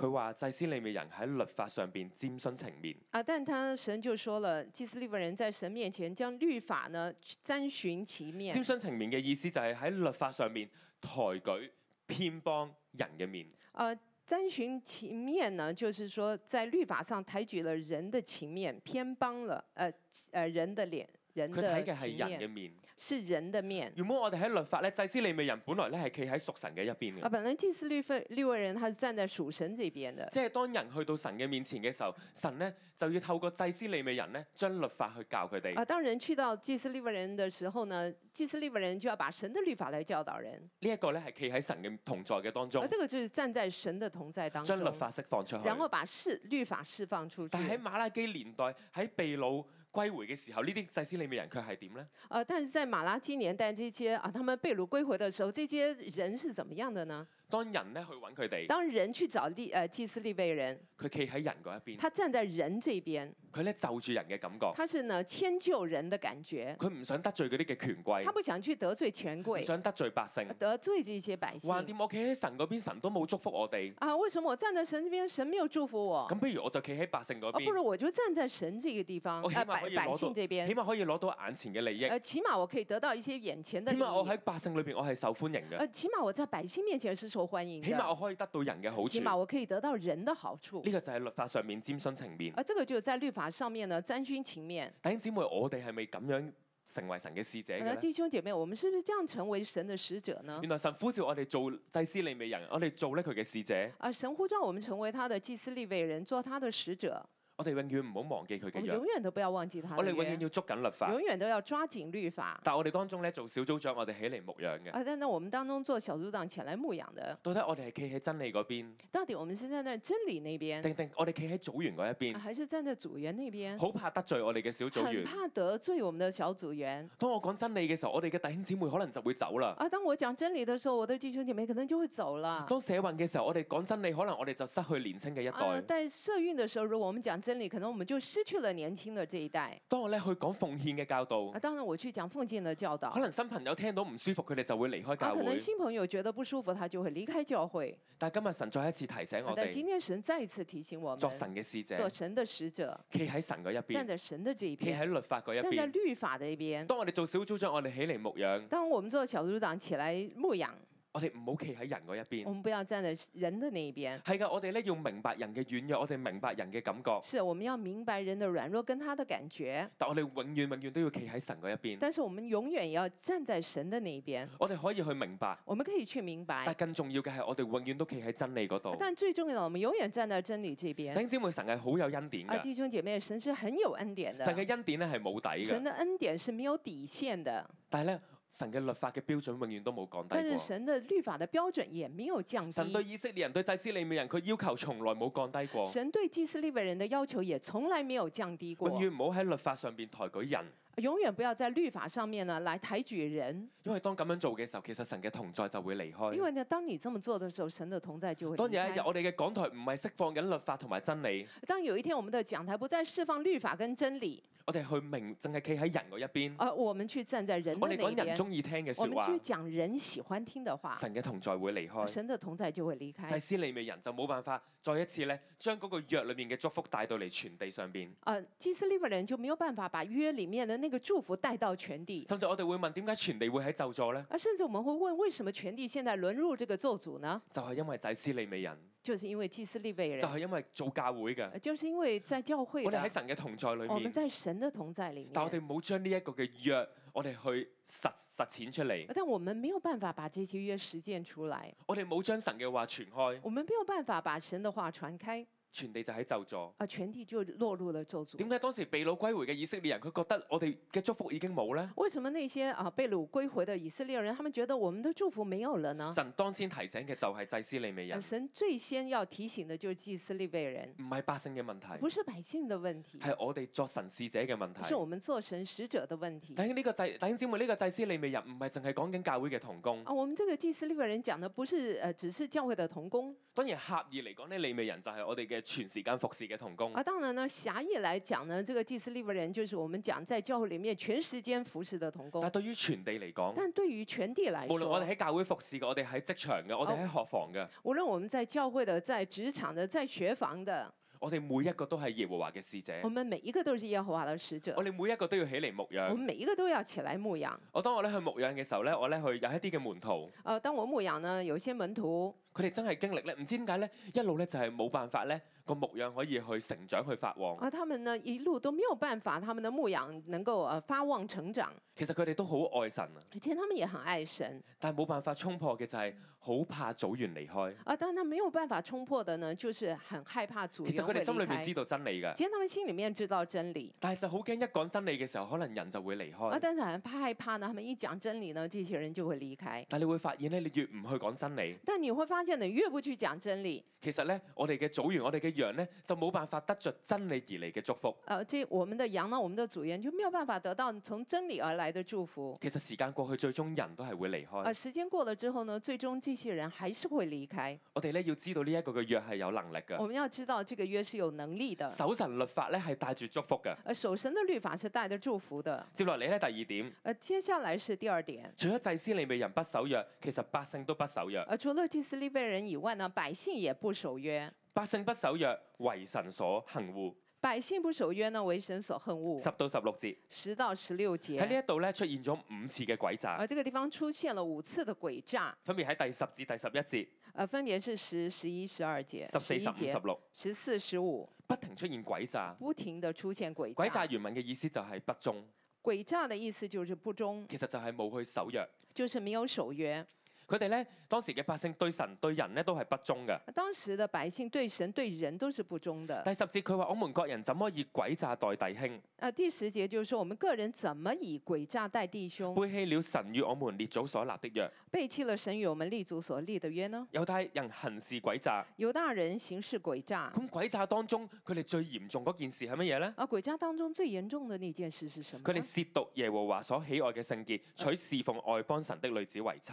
Speaker 2: 佢話祭司利未人喺律法上邊瞻徇情面。
Speaker 1: 啊，但他神就説了，祭司利未人在神面前將律法呢瞻徇情面。瞻徇
Speaker 2: 情面嘅意思就係喺律法上面抬舉偏幫人嘅面。
Speaker 1: 誒，瞻徇情面呢，就是說在律法上抬舉了人的情面，偏幫了誒誒、呃、人的臉。佢睇嘅係人嘅面，是人的面。
Speaker 2: 如果我哋喺律法咧，祭司利未人本來咧係企喺屬神嘅一邊嘅。啊，
Speaker 1: 本來祭司律法、利未人佢係站在屬神這邊嘅。
Speaker 2: 即係當人去到神嘅面前嘅時候，神咧就要透過祭司利未人咧將律法去教佢哋。啊，
Speaker 1: 當人去到祭司利未人嘅時候呢，祭司利未人就要把神嘅律法來教導人。
Speaker 2: 呢一個咧係企喺神嘅同在嘅當中。啊，這個
Speaker 1: 就係站在神嘅同在當中，將律法
Speaker 2: 釋放出去。然後
Speaker 1: 把釋律法釋放出去。但喺
Speaker 2: 馬拉基年代喺秘魯歸回嘅時候，呢啲祭司利未人卻係點咧？
Speaker 1: 啊、呃，但是在馬拉基年代，這些啊，他們被擄歸回嘅時候，這些人是怎麼樣嘅呢？當人咧去
Speaker 2: 揾佢哋，當
Speaker 1: 人去找利誒祭司利未人，
Speaker 2: 佢企喺人嗰一邊，他
Speaker 1: 站在人這邊，
Speaker 2: 佢咧就住人嘅感覺，他
Speaker 1: 是呢遷就人的感覺，佢
Speaker 2: 唔想得罪嗰啲嘅權貴，他不
Speaker 1: 想去得罪權貴，唔想
Speaker 2: 得罪百姓，
Speaker 1: 得罪這些百姓。橫
Speaker 2: 掂我企喺神嗰邊，神都冇祝福我哋，
Speaker 1: 啊，為什麼我站在神呢邊，神沒有祝福我？
Speaker 2: 咁不如我就企喺百姓嗰邊，不如
Speaker 1: 我就站在神呢個地方，啊，百百姓這邊，起
Speaker 2: 碼可以攞到眼前嘅利益，
Speaker 1: 起碼我可以得到一些眼前的利益，起碼我
Speaker 2: 喺百姓裏邊我係受歡迎嘅，
Speaker 1: 起碼我在百姓面前起碼我
Speaker 2: 可以得到人嘅好處，起碼我
Speaker 1: 可以得到人嘅好處。呢
Speaker 2: 個就係律法上面瞻徇情面，啊。
Speaker 1: 而這個就在律法上面呢，瞻徇情面。
Speaker 2: 弟兄姊妹，我哋係咪咁樣成為神嘅使者？弟
Speaker 1: 兄姐妹，我們是不是這樣成為神嘅使、啊、使者呢？
Speaker 2: 原來神呼召我哋做祭司利未人，我哋做咧佢嘅使者。
Speaker 1: 而、啊、神呼召我們成為他的祭司利未人，做他的使者。
Speaker 2: 我哋永遠唔好忘記佢嘅樣。永遠
Speaker 1: 都不要忘記佢。我哋永遠
Speaker 2: 要捉緊律法。永
Speaker 1: 遠都要抓緊律法。
Speaker 2: 但係我哋當中咧做小組長，我哋起嚟牧養嘅。啊，
Speaker 1: 那那我們當中做小組長，前來牧養嘅。
Speaker 2: 到底我哋係企喺真理嗰邊？
Speaker 1: 到底我哋先站在真理那邊？定
Speaker 2: 定，我哋企喺組員嗰一邊。
Speaker 1: 還是站在組員那邊？好
Speaker 2: 怕得罪我哋嘅小組員。很怕
Speaker 1: 得罪我們嘅小組員。當我講真理
Speaker 2: 嘅時候，我哋嘅弟兄姊妹可能就會走啦。
Speaker 1: 啊，當我講真理嘅時候，我哋弟兄姐妹可能就會走了。當
Speaker 2: 社運嘅時候，我哋講真理，可能我哋就失去年輕嘅一代。
Speaker 1: 但係社運嘅時候，如果我們講真理，可能我們就失去了年輕的這一代。
Speaker 2: 當我哋去講奉獻嘅教導，
Speaker 1: 當然我去講奉獻嘅教導。可能
Speaker 2: 新朋友聽到唔舒服，佢哋就會離開教會。可能新
Speaker 1: 朋友覺得不舒服，他就會離開教會。
Speaker 2: 但係今日神再一次提醒我哋，今
Speaker 1: 天神再一次提醒我們，做神嘅使者，做神的使者，
Speaker 2: 企喺神嘅一邊，站在
Speaker 1: 神的這一邊，企喺
Speaker 2: 律法嘅一邊，站在
Speaker 1: 律法嘅一邊。
Speaker 2: 當我哋做小組長，我哋起嚟牧養；
Speaker 1: 當我們做小組長，起來牧養。
Speaker 2: 我哋唔好企喺人嗰一邊。我
Speaker 1: 們不要站在人的那一邊。
Speaker 2: 係噶，我哋咧要明白人嘅軟弱，我哋明白人嘅感覺。是，
Speaker 1: 我們要明白人嘅軟弱跟他的感覺。
Speaker 2: 但我哋永遠、永遠都要企喺神嗰一邊。但
Speaker 1: 是我們永遠要站在神嘅那一邊。
Speaker 2: 我哋可以去明白。我
Speaker 1: 們可以去明白。但係
Speaker 2: 更重要嘅係，我哋永遠都企喺真理嗰度。
Speaker 1: 但最重要，我們永遠站在真理這邊。弟兄
Speaker 2: 姊妹，神係好有恩典嘅。弟
Speaker 1: 兄姐妹，神是很有恩典嘅。神嘅
Speaker 2: 恩典咧係冇底嘅。神的
Speaker 1: 恩典是沒有底線的。
Speaker 2: 但係咧。神嘅律法嘅標準永遠都冇降低過。但是神
Speaker 1: 嘅律法嘅標準也沒有降低。神對
Speaker 2: 以色列人、對祭司利未人，佢要求從來冇降低過。神
Speaker 1: 對祭司利未人的要求也從來沒有降低過。永遠
Speaker 2: 唔好喺律法上邊抬舉人。
Speaker 1: 永遠不要在律法上面呢來抬舉人。
Speaker 2: 因為當咁樣做嘅時候，其實神嘅同在就會離開。因為
Speaker 1: 呢，當你這麼做的時候，神嘅同在就會離開。當、啊。當有一天我
Speaker 2: 哋嘅講台唔係釋放緊律法同埋真理。
Speaker 1: 當有一天我們的講台不再釋放律法跟真理。
Speaker 2: 我哋去明，正係企喺人嗰一邊。
Speaker 1: 啊，我們去站在人嗰邊。我哋講人中意聽嘅說話。我們去講人喜歡聽嘅話。神
Speaker 2: 嘅同在會離開。神
Speaker 1: 嘅同在就會離開。祭
Speaker 2: 司利未人就冇辦法再一次咧，將嗰個約裏面嘅祝福帶到嚟全地上邊。
Speaker 1: 啊，祭司利未人就冇辦法把約裏面嘅那個祝福帶到全地。甚至我哋會
Speaker 2: 問，點解全地會喺咒座咒詛咧？
Speaker 1: 啊，甚至我們會問，為什麼全地現在淪入這個咒詛呢？
Speaker 2: 就係因為祭司利未人。
Speaker 1: 就是因為祭司利未人，就係
Speaker 2: 因為做教會嘅，
Speaker 1: 就是因為在教會。我哋喺神
Speaker 2: 嘅同在裏面，我們在
Speaker 1: 神嘅同在裏面。但我哋
Speaker 2: 冇將呢一個嘅約，我哋去實實踐出嚟。
Speaker 1: 但我們沒有辦法把呢些約實踐出來。
Speaker 2: 我哋冇將神嘅話傳開。
Speaker 1: 我們沒有辦法把神嘅話傳開。
Speaker 2: 全地就係咒詛。
Speaker 1: 啊，全地就落入了咒詛。點
Speaker 2: 解當時被擄歸回嘅以色列人，佢覺得我哋嘅祝福已經冇咧？
Speaker 1: 為什麼那些啊被擄歸回嘅以色列人，他們覺得我們的祝福，沒有，的祝福沒有了呢？
Speaker 2: 神當先提醒嘅就係祭司利未人。神
Speaker 1: 最先要提醒嘅就係祭司利未人。唔係
Speaker 2: 百姓嘅問題。唔
Speaker 1: 係百姓嘅問題。
Speaker 2: 係我哋作神使者嘅問題。是，是我
Speaker 1: 們作神使者嘅問題。
Speaker 2: 弟兄呢個祭，弟兄姊妹呢個祭司利未人，唔係淨係講緊教會嘅同工。啊，
Speaker 1: 我們這個祭司利未人講的不是，誒，只是教會嘅同工。
Speaker 2: 當然狹義嚟講呢，利未人就係我哋嘅。全時間服侍嘅同工。啊，當
Speaker 1: 然啦，狹義嚟講呢，這個祭司利未人，就是我們講在教會裏面全時間服侍嘅同工。但係對於
Speaker 2: 全地嚟講，但
Speaker 1: 對於全地來說，無論我哋喺
Speaker 2: 教會服侍嘅，我哋喺職場嘅，我哋喺學房嘅，
Speaker 1: 無論我們在教會嘅、在職場嘅、在學房嘅，
Speaker 2: 我哋每一個都係耶和華嘅使者。我
Speaker 1: 們每一個都是耶和華嘅使者。
Speaker 2: 我哋每一個都要起嚟牧養。我們
Speaker 1: 每一個都要起嚟牧養。
Speaker 2: 我當我咧去牧養嘅時候咧，我咧去有一啲嘅門徒。
Speaker 1: 呃，當我牧養呢，有些門徒。
Speaker 2: 佢哋真係經歷咧，唔知點解咧，一路咧就係冇辦法咧，個牧養可以去成長去發旺。啊，
Speaker 1: 他們呢一路都沒有辦法，他們的牧養能夠誒發旺成長。
Speaker 2: 其實佢哋都好愛神啊。
Speaker 1: 而且他們也很愛神。
Speaker 2: 但係冇辦法衝破嘅就係好怕組員離開。
Speaker 1: 啊，但係佢冇有辦法衝破嘅呢，就是很害怕組員會離開。其實佢哋心裏面知
Speaker 2: 道真理㗎。其實
Speaker 1: 他們心裏面知道真理。
Speaker 2: 但係就好驚一講真理嘅時候，可能人就會離開。啊，
Speaker 1: 但是很怕害怕呢，他們一講真理呢，這些人就會離開。
Speaker 2: 但係你會發現咧，你越唔去講真理。
Speaker 1: 但係你會發。你越不去講真理，
Speaker 2: 其實呢，我哋嘅組員，我哋嘅羊呢，就冇辦法得着真理而嚟嘅祝福。
Speaker 1: 誒，即係我們的羊呢，我們的主人，就沒有辦法得到從真理而來的祝福。
Speaker 2: 其實時間過去，最終人都係會離開。啊，
Speaker 1: 時間過了之後呢，最終這些人還是會離開。
Speaker 2: 我哋呢要知道呢一個嘅約係有能力嘅。我
Speaker 1: 們要知道這個約是有能力的。
Speaker 2: 守神律法呢係帶住祝福嘅。
Speaker 1: 誒，守神的律法是帶住祝福的。
Speaker 2: 接落嚟呢，第二點。
Speaker 1: 誒，接下來是第二點。
Speaker 2: 除咗祭司利未人不守約，其實百姓都不守約。
Speaker 1: 誒，除了祭司被人以外呢，百姓也不守約。
Speaker 2: 百姓不守約，為神所恨惡。
Speaker 1: 百姓不守約呢，為神所恨惡。十
Speaker 2: 到十六節。
Speaker 1: 十到十六節。喺呢一
Speaker 2: 度咧出現咗五次嘅詭詐。而，呢
Speaker 1: 個地方出現咗五次嘅詭詐。
Speaker 2: 分別喺第十至第十一節。
Speaker 1: 啊，分別是十、十一、十二節。十四十、十五、十六。
Speaker 2: 十四、十五。不停出現詭詐。
Speaker 1: 不停的出現詭詐。詭詐
Speaker 2: 原文嘅意思就係不忠。
Speaker 1: 詭詐的意思就是不忠。
Speaker 2: 其實就係冇去守約。
Speaker 1: 就是沒有守約。
Speaker 2: 佢哋咧當時嘅百姓對神對人咧都係不忠嘅。
Speaker 1: 當時嘅百姓對神對人都是不忠嘅。第
Speaker 2: 十節佢話：我們各人怎麼以詭詐待弟兄？
Speaker 1: 啊，第十節就是話我們各人怎麼以詭詐待弟兄？背
Speaker 2: 棄了神與我們列祖所立的約。
Speaker 1: 背棄了神與我們列祖所立的約呢？
Speaker 2: 猶大人行事詭詐。
Speaker 1: 猶大人行事詭詐。咁詭，
Speaker 2: 詭詐當中佢哋最嚴重嗰件事係乜嘢咧？
Speaker 1: 啊，詭詐當中最嚴重嘅呢件事是什麼？佢哋
Speaker 2: 褻瀆耶和華所喜愛嘅聖潔，娶侍奉外邦神的女子為妻。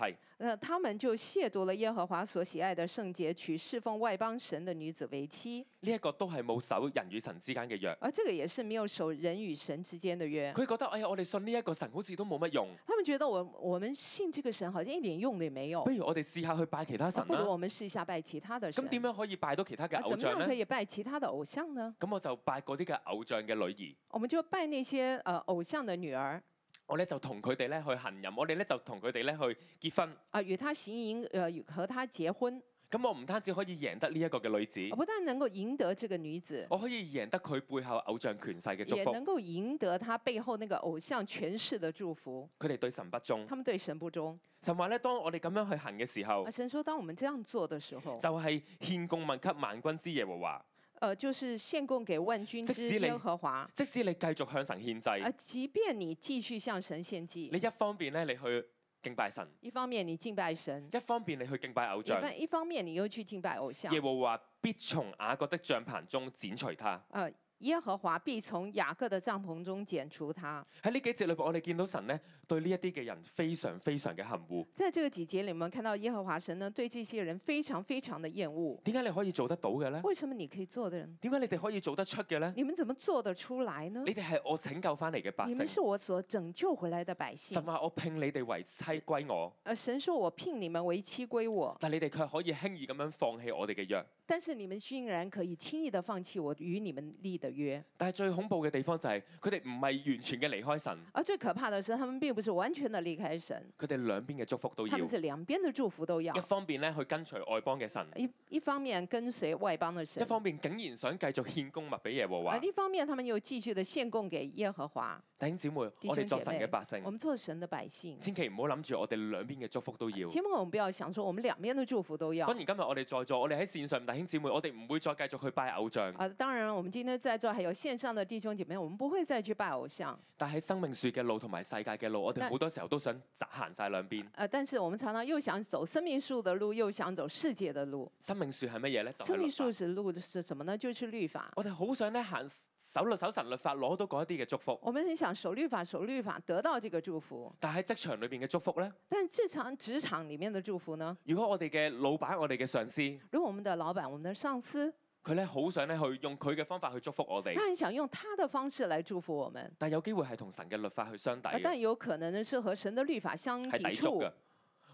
Speaker 1: 他們就褻瀆了耶和華所喜愛的聖潔，娶侍奉外邦神的女子為妻。
Speaker 2: 呢一個都係冇守人與神之間嘅約。而
Speaker 1: 這個也是沒有守人與神之間嘅約。佢
Speaker 2: 覺得，哎呀，我哋信呢一個神好似都冇乜用。
Speaker 1: 他們覺得，我我們信這個神好像一點用都也沒有。不如
Speaker 2: 我哋試下去拜其他神、啊啊、不如我們
Speaker 1: 試一下拜其他的神。咁點樣
Speaker 2: 可以拜到其他嘅偶像、啊、可以
Speaker 1: 拜其他的偶像呢？
Speaker 2: 咁我就拜嗰啲嘅偶像嘅女兒。
Speaker 1: 我們就拜那些誒、呃、偶像嘅女兒。
Speaker 2: 我咧就同佢哋咧去行淫，我哋咧就同佢哋咧去結婚。
Speaker 1: 啊，與他行淫，誒，和他結婚。咁我
Speaker 2: 唔單止可以贏得呢一個嘅女子，我不
Speaker 1: 但能夠贏得這個女子，
Speaker 2: 我，我可以贏得佢背後偶像權勢嘅祝福，也能
Speaker 1: 夠贏得他背後那個偶像權勢嘅祝福。
Speaker 2: 佢哋對神不忠，他
Speaker 1: 們對神不忠。
Speaker 2: 神，神話咧，當我哋咁樣去行嘅時候，
Speaker 1: 神說：當我們這樣做的時候，就
Speaker 2: 係獻供物給萬軍之耶和華。
Speaker 1: 呃，就是獻供給萬軍之耶和華。
Speaker 2: 即使你繼續、呃、續向神獻祭。呃，
Speaker 1: 即便你繼續向神獻祭。
Speaker 2: 你一方面咧，你去敬拜神。
Speaker 1: 一方面你敬拜神。
Speaker 2: 一方面你去敬拜偶像。一一
Speaker 1: 方面你又去敬拜偶像。耶和
Speaker 2: 華必從雅各的帳棚中剪除他。
Speaker 1: 呃，耶和華必從雅各的帳篷中剪除他。
Speaker 2: 喺呢、呃、幾節裏邊，我哋見到神咧。對呢一啲嘅人非常非常嘅恨惡。
Speaker 1: 在這個季節裏面，看到耶和華神呢，對這些人非常非常的厭惡。
Speaker 2: 點解你可以做得到嘅呢？為
Speaker 1: 什麼你可以做的人？
Speaker 2: 點解你哋可以做得出嘅呢？你
Speaker 1: 們怎麼做得出來呢？你哋係
Speaker 2: 我拯救翻嚟嘅百姓。你們是
Speaker 1: 我所拯救回來嘅百姓。神
Speaker 2: 話我聘你哋為妻歸我。
Speaker 1: 神說我聘你們為妻歸我。
Speaker 2: 但你哋卻可以輕易咁樣放棄我哋嘅約。
Speaker 1: 但是你們竟然可以輕易的放棄我與你們立的約。但係
Speaker 2: 最恐怖嘅地方就係佢哋唔係完全嘅離開神。
Speaker 1: 啊，最可怕的是他們並。不是完全的離開神，
Speaker 2: 佢哋兩邊嘅祝福都要。佢哋是
Speaker 1: 兩邊的祝福都要。一
Speaker 2: 方面咧，去跟隨外邦嘅神；一
Speaker 1: 一方面跟隨外邦嘅神。一方
Speaker 2: 面竟然想繼續獻供物俾耶和華。呢
Speaker 1: 方面，他們又繼續的獻供給耶和華。
Speaker 2: 弟兄姊妹，我哋做神嘅百姓，我
Speaker 1: 們做神的百姓，
Speaker 2: 千祈唔好諗住我哋兩邊嘅祝福都要。千祈
Speaker 1: 我們不要想住，我哋兩邊嘅祝福都要。當然
Speaker 2: 今日我哋在座，我哋喺線上，弟兄姊妹，我哋唔會再繼續去拜偶像。
Speaker 1: 啊，當然，我們今天在座還有線上的弟兄姐妹，我們不會再去拜偶像。
Speaker 2: 但喺生命樹嘅路同埋世界嘅路。我哋好多時候都想行晒兩邊。
Speaker 1: 誒，但是我們常常又想走生命樹的路，又想走世界的路。
Speaker 2: 生命樹係乜嘢咧？就是、生命樹
Speaker 1: 是路是什麼呢？就是律法。我哋好想咧行守律
Speaker 2: 守神律法，攞到嗰一啲嘅祝福。我
Speaker 1: 們很想守律法，守律法得到這個祝福。
Speaker 2: 但喺職場裏面嘅祝福咧？
Speaker 1: 但職場職場裡面嘅祝福呢？
Speaker 2: 如果我哋嘅老闆，我哋嘅上司。
Speaker 1: 如果我們嘅老闆，我們嘅上司。
Speaker 2: 佢咧好想咧去用佢嘅方法去祝福我哋。佢很
Speaker 1: 想用他的方式嚟祝福我們。
Speaker 2: 但係有機會係同神嘅律法去相抵。但係
Speaker 1: 有可能呢是和神嘅律法相抵觸嘅。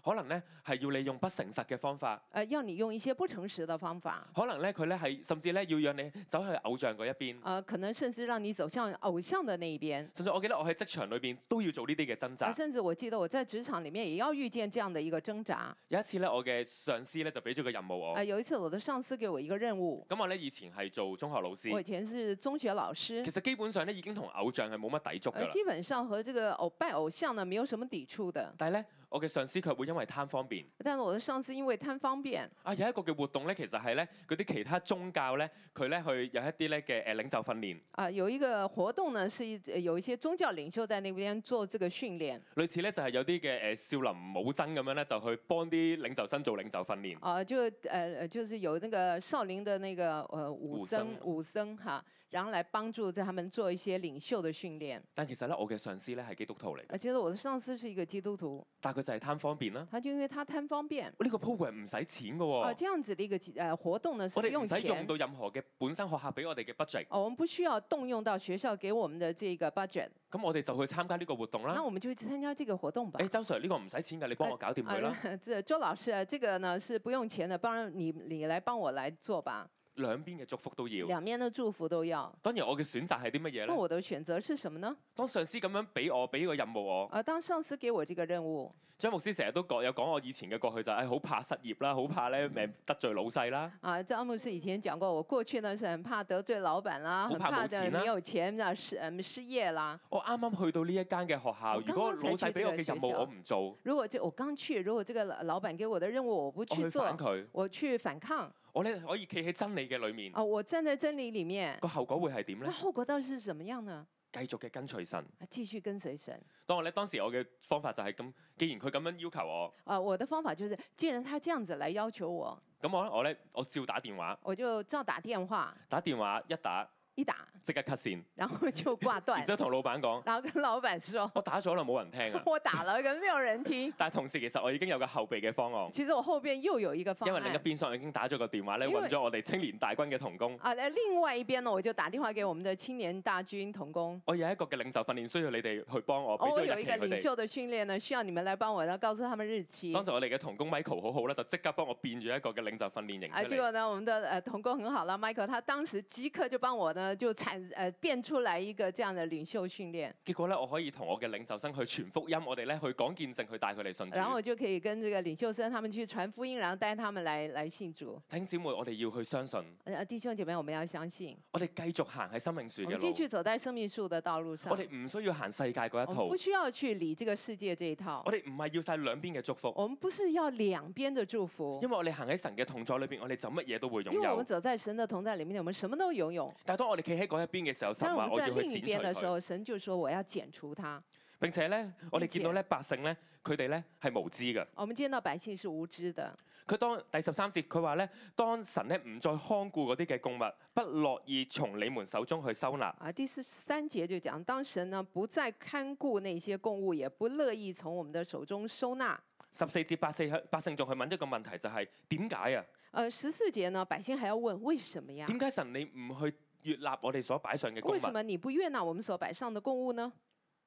Speaker 2: 可能咧係要你用不誠實嘅方法。
Speaker 1: 誒，要你用一些不誠實嘅方法。
Speaker 2: 可能咧，佢咧係甚至咧要讓你走去偶像嗰一邊。
Speaker 1: 誒，可能甚至讓你走向偶像嘅那一邊。
Speaker 2: 甚至我記得我喺職場裏邊都要做呢啲嘅掙扎。甚
Speaker 1: 至我記得我在職場裡面也要遇見這樣的一個掙扎。有
Speaker 2: 一次咧，我嘅上司咧就俾咗個任務我。誒，
Speaker 1: 有一次我嘅上司給我一個任務。
Speaker 2: 咁我咧以前係做中學老師。我以前
Speaker 1: 是中學老師。其
Speaker 2: 實基本上咧已經同偶像係冇乜抵觸㗎啦。基
Speaker 1: 本上和這個崇拜偶像呢，沒有什麼抵觸嘅。但係咧。
Speaker 2: 我嘅上司佢會因為貪方便，
Speaker 1: 但係我嘅上司因為貪方便。
Speaker 2: 啊，有一個嘅活動咧，其實係咧，嗰啲其他宗教咧，佢咧去有一啲咧嘅誒領袖訓練。
Speaker 1: 啊，有一個活動呢，是有一些宗教領袖在那邊做這個訓練。啊、呢
Speaker 2: 訓練類似咧就係、是、有啲嘅誒少林武僧咁樣咧，就去幫啲領袖生做領袖訓練。
Speaker 1: 啊，就誒、呃，就是有那個少林的那個誒、呃、武，武，僧武僧，武僧嚇。然後來幫助在他們做一些領袖的訓練。
Speaker 2: 但其實呢，我嘅上司呢係基督徒嚟。
Speaker 1: 其實我的上司是一個基督徒。
Speaker 2: 但佢就係貪方便啦。
Speaker 1: 他就因為他貪方便。呢、
Speaker 2: 哦這個 program 唔使錢噶、哦。哦、啊，
Speaker 1: 這樣子的一個誒、呃、活動呢，我哋唔使用
Speaker 2: 到任何嘅本身學校俾我哋嘅 budget。
Speaker 1: 哦，我們不需要動用到學校給我們的這個 budget。
Speaker 2: 咁、哦、我哋就去參加呢個活動啦。那我
Speaker 1: 們就去參加這個活動，個活動吧。
Speaker 2: 誒，周 sir 呢個唔使錢噶，你幫我搞掂佢
Speaker 1: 啦。周老師，這個呢是不用錢的，幫你你，你來幫我來做吧。
Speaker 2: 兩邊嘅祝福都要，
Speaker 1: 兩邊的祝福都要。
Speaker 2: 當然我嘅選擇係啲乜嘢咧？咁我
Speaker 1: 的選擇是什麼呢？麼呢
Speaker 2: 當上司咁樣俾我俾個任務我。
Speaker 1: 啊，當上司給我呢個任務。
Speaker 2: 張牧師成日都講有講我以前嘅過去就係、是、好、哎、怕失業啦，好怕咧呢得罪老細啦。
Speaker 1: 啊，張牧師以前講過我過去呢是很怕得罪老闆啦，好怕的沒,沒有錢就失、啊、失業啦。
Speaker 2: 我啱啱去到呢一間嘅學,學校，如果老細俾我嘅任務我唔做，
Speaker 1: 如果就我剛去，如果這個老老闆給我嘅任務我不去做,我做，我去反抗。
Speaker 2: 我咧可以企喺真理嘅裏面。
Speaker 1: 啊，我站在真理裏面。
Speaker 2: 個後果會係點呢？那
Speaker 1: 後果到底是什麼樣呢？
Speaker 2: 繼續嘅跟隨神。
Speaker 1: 繼續跟隨神。
Speaker 2: 當我咧當時我嘅方法就係咁，既然佢咁樣要求我。
Speaker 1: 啊，我嘅方法就係，既然他這樣子嚟要求我。
Speaker 2: 咁我咧，我咧，我照打電話。
Speaker 1: 我就照打電話。
Speaker 2: 打電話一打。一打即刻 cut 線，
Speaker 1: 然後就掛斷，然之後同老闆講，然後跟老闆說，
Speaker 2: 我打咗啦，冇人聽我
Speaker 1: 打了咁冇人聽， [LAUGHS]
Speaker 2: 但係同時其實我已經有個後備嘅方案， [LAUGHS] 其
Speaker 1: 實我後邊又有一個方案，因為另一
Speaker 2: 邊上已經打咗個電話，你揾咗我哋青年大軍嘅同工
Speaker 1: 啊，啊，另外一邊呢我就打電話給我哋的青年大軍同工，
Speaker 2: 我有一個嘅領袖訓練需要你哋去幫我，我有一個領袖
Speaker 1: 嘅訓練呢需要你們來幫我呢，呢告訴他們日期，當時我
Speaker 2: 哋嘅同工 Michael 好好啦，就即刻幫我變咗一個嘅領袖訓練營，啊，結果呢
Speaker 1: 我們嘅誒同工很好啦，Michael 他當時即刻就幫我就產誒變出來一個這樣的領袖訓練，
Speaker 2: 結果咧，我可以同我嘅領袖生去傳福音我呢，我哋咧去講見證，去帶佢哋信主。然後就
Speaker 1: 可以跟這個領袖生他們去傳福音，然後帶他們來來信主。弟
Speaker 2: 兄姊妹，我哋要去相信。
Speaker 1: 弟兄姐妹，我們要相信。
Speaker 2: 我哋繼續行喺生命樹嘅路。我繼續
Speaker 1: 走在生命樹的，的，的道路上。我哋
Speaker 2: 唔需要行世界嗰一套。不需
Speaker 1: 要去理這個世界這一套。我哋
Speaker 2: 唔係要晒兩邊嘅祝福。我們
Speaker 1: 不是要兩邊嘅祝福。因
Speaker 2: 為我哋行喺神嘅同在裏邊，我哋就乜嘢都會擁有。因為我們
Speaker 1: 走在神嘅同在裏面，我們什麼都擁有。
Speaker 2: 我哋企喺嗰一邊嘅時候，神話我要去剪除佢。但係我們在另一邊的時候，
Speaker 1: 神就說我要剪除他，
Speaker 2: 並且咧，我哋見到咧百姓咧，佢哋咧係無知噶。
Speaker 1: 我們見到百姓是無知的。
Speaker 2: 佢當第十三節佢話咧，當神咧唔再看顧嗰啲嘅供物，不樂意從你們手中去收納。
Speaker 1: 啊，第四十三節就講，當神呢不再看顧那些供物，也不樂意從我們的手中收納。
Speaker 2: 十四節百姓百姓仲去問一個問題，就係點解啊？
Speaker 1: 誒，十四節呢，百姓還要問為什麼呀？點解
Speaker 2: 神你唔去越納我哋所擺上嘅，為什麼
Speaker 1: 你不越納我們所擺上嘅供物呢？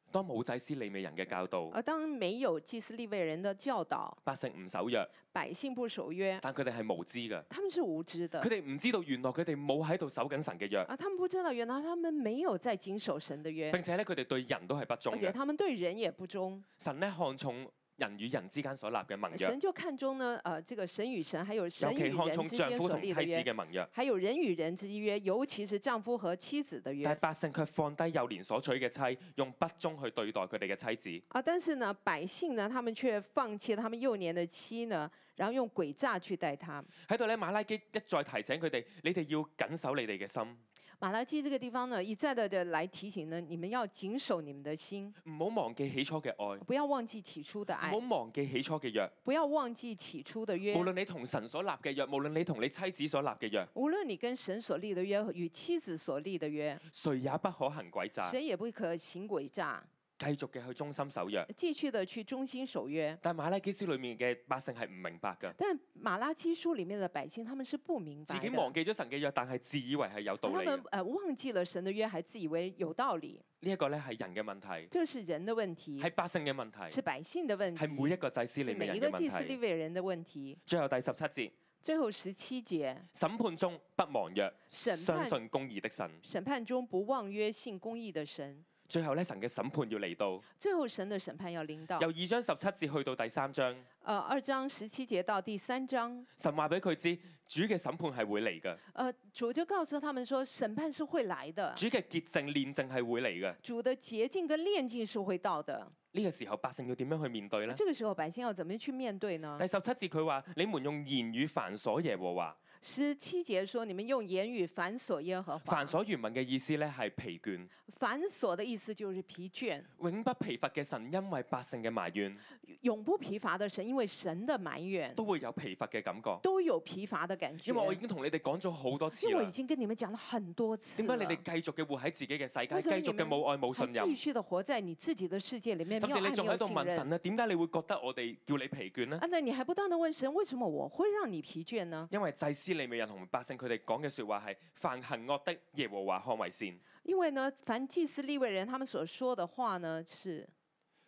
Speaker 2: 當冇祭司利未人嘅教導，
Speaker 1: 而當沒有祭司利未人的教導，
Speaker 2: 百姓唔守約，
Speaker 1: 百姓不守約，
Speaker 2: 但佢哋係無知嘅，
Speaker 1: 他們是無知的，佢哋唔
Speaker 2: 知道原來佢哋冇喺度守緊神嘅約，啊，
Speaker 1: 他們不知道原來他們沒有在謹守神的約，並且
Speaker 2: 咧佢哋對人都係不忠嘅，而且他
Speaker 1: 們對人也不忠，
Speaker 2: 神咧看重。人與人之間所立嘅盟約，神就
Speaker 1: 看中呢。誒、呃，這個神與神，還有神與人之間所立嘅盟約，還有人與人之約，尤其是丈夫和妻子的約。但係百姓
Speaker 2: 卻放低幼年所娶嘅妻，用不忠去對待佢哋嘅妻子。
Speaker 1: 啊！但是呢，百姓呢，他們卻放棄了他們幼年的妻呢，然後用詭詐去待他。喺度呢，馬
Speaker 2: 拉基一再提醒佢哋：你哋要謹守你哋嘅心。
Speaker 1: 馬拉基這個地方呢，一再的來提醒呢，你們要謹守你們的心，唔好忘記
Speaker 2: 起初嘅愛，
Speaker 1: 不要忘記起初嘅愛，唔好忘記起初嘅約，不要忘記起初嘅約，約無
Speaker 2: 論你同神所立嘅約，無論你同你妻子所立嘅約，
Speaker 1: 無論你跟神所立嘅約與妻子所立嘅約，誰也不
Speaker 2: 可行詭詐，誰也
Speaker 1: 不可行詭詐。
Speaker 2: 繼續嘅去忠心守約，
Speaker 1: 繼續嘅去忠心守約。
Speaker 2: 但係馬拉基書裏面嘅百姓係唔明白㗎。
Speaker 1: 但馬拉基書裡面嘅百姓，他們是不明白。自己忘
Speaker 2: 記咗神嘅約，但係自以為係有道理。他們
Speaker 1: 誒忘記了神嘅約，還自以為有道理。
Speaker 2: 呢一個咧係人嘅問題。
Speaker 1: 這是人嘅問題。係
Speaker 2: 百姓嘅問題。是
Speaker 1: 百姓嘅問題。係每
Speaker 2: 一個祭司裏面的的每一個祭司裏面
Speaker 1: 的人嘅問題。
Speaker 2: 最後第十七節。
Speaker 1: 最後十七節。審
Speaker 2: 判，審判中不忘約，相信公義的神。
Speaker 1: 審判中不忘約，信公義的神。
Speaker 2: 最後咧，神嘅審判要嚟到。
Speaker 1: 最後神嘅審判要臨到。由二
Speaker 2: 章十七節去到第三章。
Speaker 1: 誒，二章十七節到第三章。
Speaker 2: 神話俾佢知，主嘅審判係會嚟嘅。
Speaker 1: 誒，主就告訴他們說，審判是會嚟的。主
Speaker 2: 嘅潔淨、煉淨係會嚟嘅。
Speaker 1: 主嘅潔淨跟煉淨是會到的。
Speaker 2: 呢個時候百姓要點樣去面對咧？呢個
Speaker 1: 時候百姓要點樣去面對呢？第
Speaker 2: 十七節佢話：你們用言語煩瑣耶和華。
Speaker 1: 十七節說，你們用言語煩瑣耶和華。煩
Speaker 2: 瑣原文嘅意思咧，係疲倦。
Speaker 1: 煩瑣的意思就是疲倦。
Speaker 2: 永不疲乏嘅神因為百姓嘅埋怨，
Speaker 1: 永不疲乏嘅神因為神嘅埋怨，
Speaker 2: 都會有疲乏嘅感覺。
Speaker 1: 都有疲乏的感覺。因為我已經
Speaker 2: 同你哋講咗好多次。因為我已經
Speaker 1: 跟你們講了很多次。點解你哋
Speaker 2: 繼續嘅活喺自己嘅世界，繼續嘅冇愛冇信任。繼
Speaker 1: 續的活在你自己的世界裏面。點解你仲喺度問神
Speaker 2: 呢？點解你會覺得我哋叫你疲倦呢？啊，那
Speaker 1: 你還不斷的問神，為什麼我會讓你疲倦呢？因為祭
Speaker 2: 司。利未人同百姓，佢哋講嘅說話係，凡行惡的，耶和華看為善。
Speaker 1: 因為呢，凡祭司利未人他們所說嘅話呢，是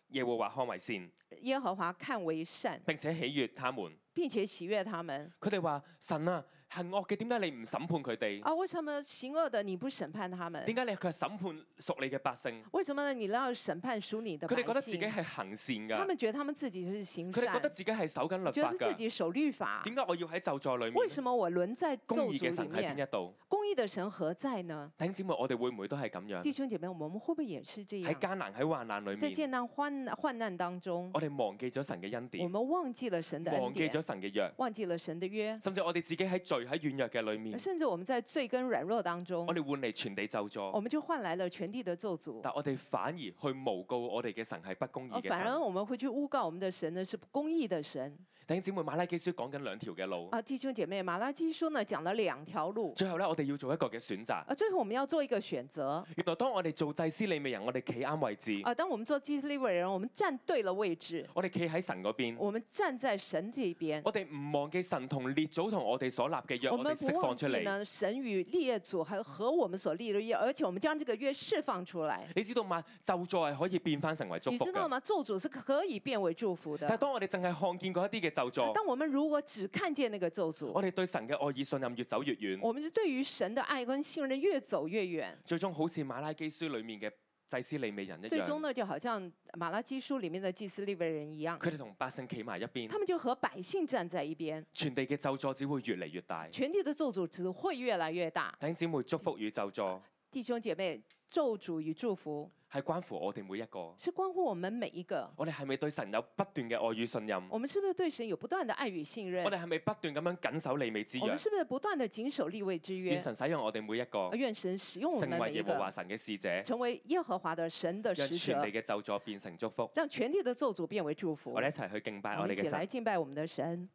Speaker 2: 耶和華看為善，
Speaker 1: 耶和華看為善，
Speaker 2: 並且喜悅他們，
Speaker 1: 並且喜悅他們。佢
Speaker 2: 哋話神啊。行惡嘅點解你唔審判佢哋？啊，
Speaker 1: 為什麼行惡的你不審判他們？點
Speaker 2: 解你佢係審判屬你嘅百姓？
Speaker 1: 為什麼你要審判屬你？佢哋覺得自己
Speaker 2: 係行善噶？他們
Speaker 1: 覺得他們自己是行佢哋覺得
Speaker 2: 自己係守緊律法噶？覺得自己
Speaker 1: 守律法。
Speaker 2: 點解我要喺咒詛裏面？為
Speaker 1: 什麼我淪在公義嘅神喺邊一度？公義嘅神何在呢？弟
Speaker 2: 兄姊妹，我哋會唔會都係咁樣？弟
Speaker 1: 兄姐妹，我們會不會也是這樣？喺
Speaker 2: 艱難喺患難裏面。在艱
Speaker 1: 難患患難當中。
Speaker 2: 我哋忘記咗神嘅恩典。我
Speaker 1: 們忘記了神忘記咗神嘅忘記了神的約。
Speaker 2: 甚至我哋自己喺喺軟弱嘅裏面，甚
Speaker 1: 至我們在罪跟軟弱當中，我
Speaker 2: 哋換嚟全地咒詛，我
Speaker 1: 們就換來了全地的咒詛。但
Speaker 2: 我哋反而去誣告我哋嘅神係不公義嘅神，反而
Speaker 1: 我們會去誣告我們的神呢，是不公義的神。
Speaker 2: 弟兄姐妹，瑪拉基書講緊兩條嘅路。
Speaker 1: 啊，弟兄姐妹，瑪拉基書呢講咗兩條路。
Speaker 2: 最後呢，我哋要做一個嘅選擇。啊，
Speaker 1: 最後我哋要做一個選擇。
Speaker 2: 原來當我哋做祭司利未人，我哋企啱位置。啊，
Speaker 1: 當我哋做祭司利未人，我哋站，站對了位置。
Speaker 2: 我哋企喺神嗰邊。
Speaker 1: 我哋站在神這邊。
Speaker 2: 我哋唔忘記神同列祖同我哋所立嘅約，我哋釋放出嚟。我們不忘記
Speaker 1: 神與列祖和和我們所立嘅約，而且我們將呢個約釋放出來。
Speaker 2: 你知道嗎？咒詛係可以變翻成為祝福。你知道嗎？
Speaker 1: 咒詛是可以變為祝福的。但
Speaker 2: 係當我哋淨係看見嗰一啲嘅。咒詛，但
Speaker 1: 我們如果只看見那個咒詛，我
Speaker 2: 哋對神嘅愛意信任越走越遠。我們
Speaker 1: 對於神的愛跟信任越走越遠，
Speaker 2: 最終好似馬拉基書裏面嘅祭司利未人一樣。最終
Speaker 1: 呢，就好像馬拉基書裏面的祭司利未人一樣。佢哋同
Speaker 2: 百姓企埋一邊，他
Speaker 1: 們就和百姓站在一邊。
Speaker 2: 全地嘅咒詛只會越嚟越大，
Speaker 1: 全地的咒詛只會越來越大。
Speaker 2: 頂姊妹祝福與咒詛。
Speaker 1: 弟兄姐妹，咒詛與祝福
Speaker 2: 係關乎我哋每一個，
Speaker 1: 是關乎我們每一個。
Speaker 2: 我哋係咪對神有不斷嘅愛與信任？
Speaker 1: 我們是不是對神有不斷的愛與信任？我哋係
Speaker 2: 咪不斷咁樣謹守利未之約？我哋是
Speaker 1: 咪不斷的謹守利未之約？願神
Speaker 2: 使用我哋每一個，願
Speaker 1: 神使用我們每一個，成為，成為耶和華
Speaker 2: 神嘅使者，成
Speaker 1: 為耶和華的神的使者。讓全地
Speaker 2: 嘅咒詛變成祝福，
Speaker 1: 讓全地的咒詛變為祝福。我
Speaker 2: 哋一齊去敬拜我哋嘅神，
Speaker 1: 敬拜我們的神。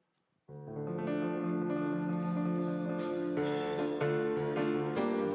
Speaker 1: [MUSIC]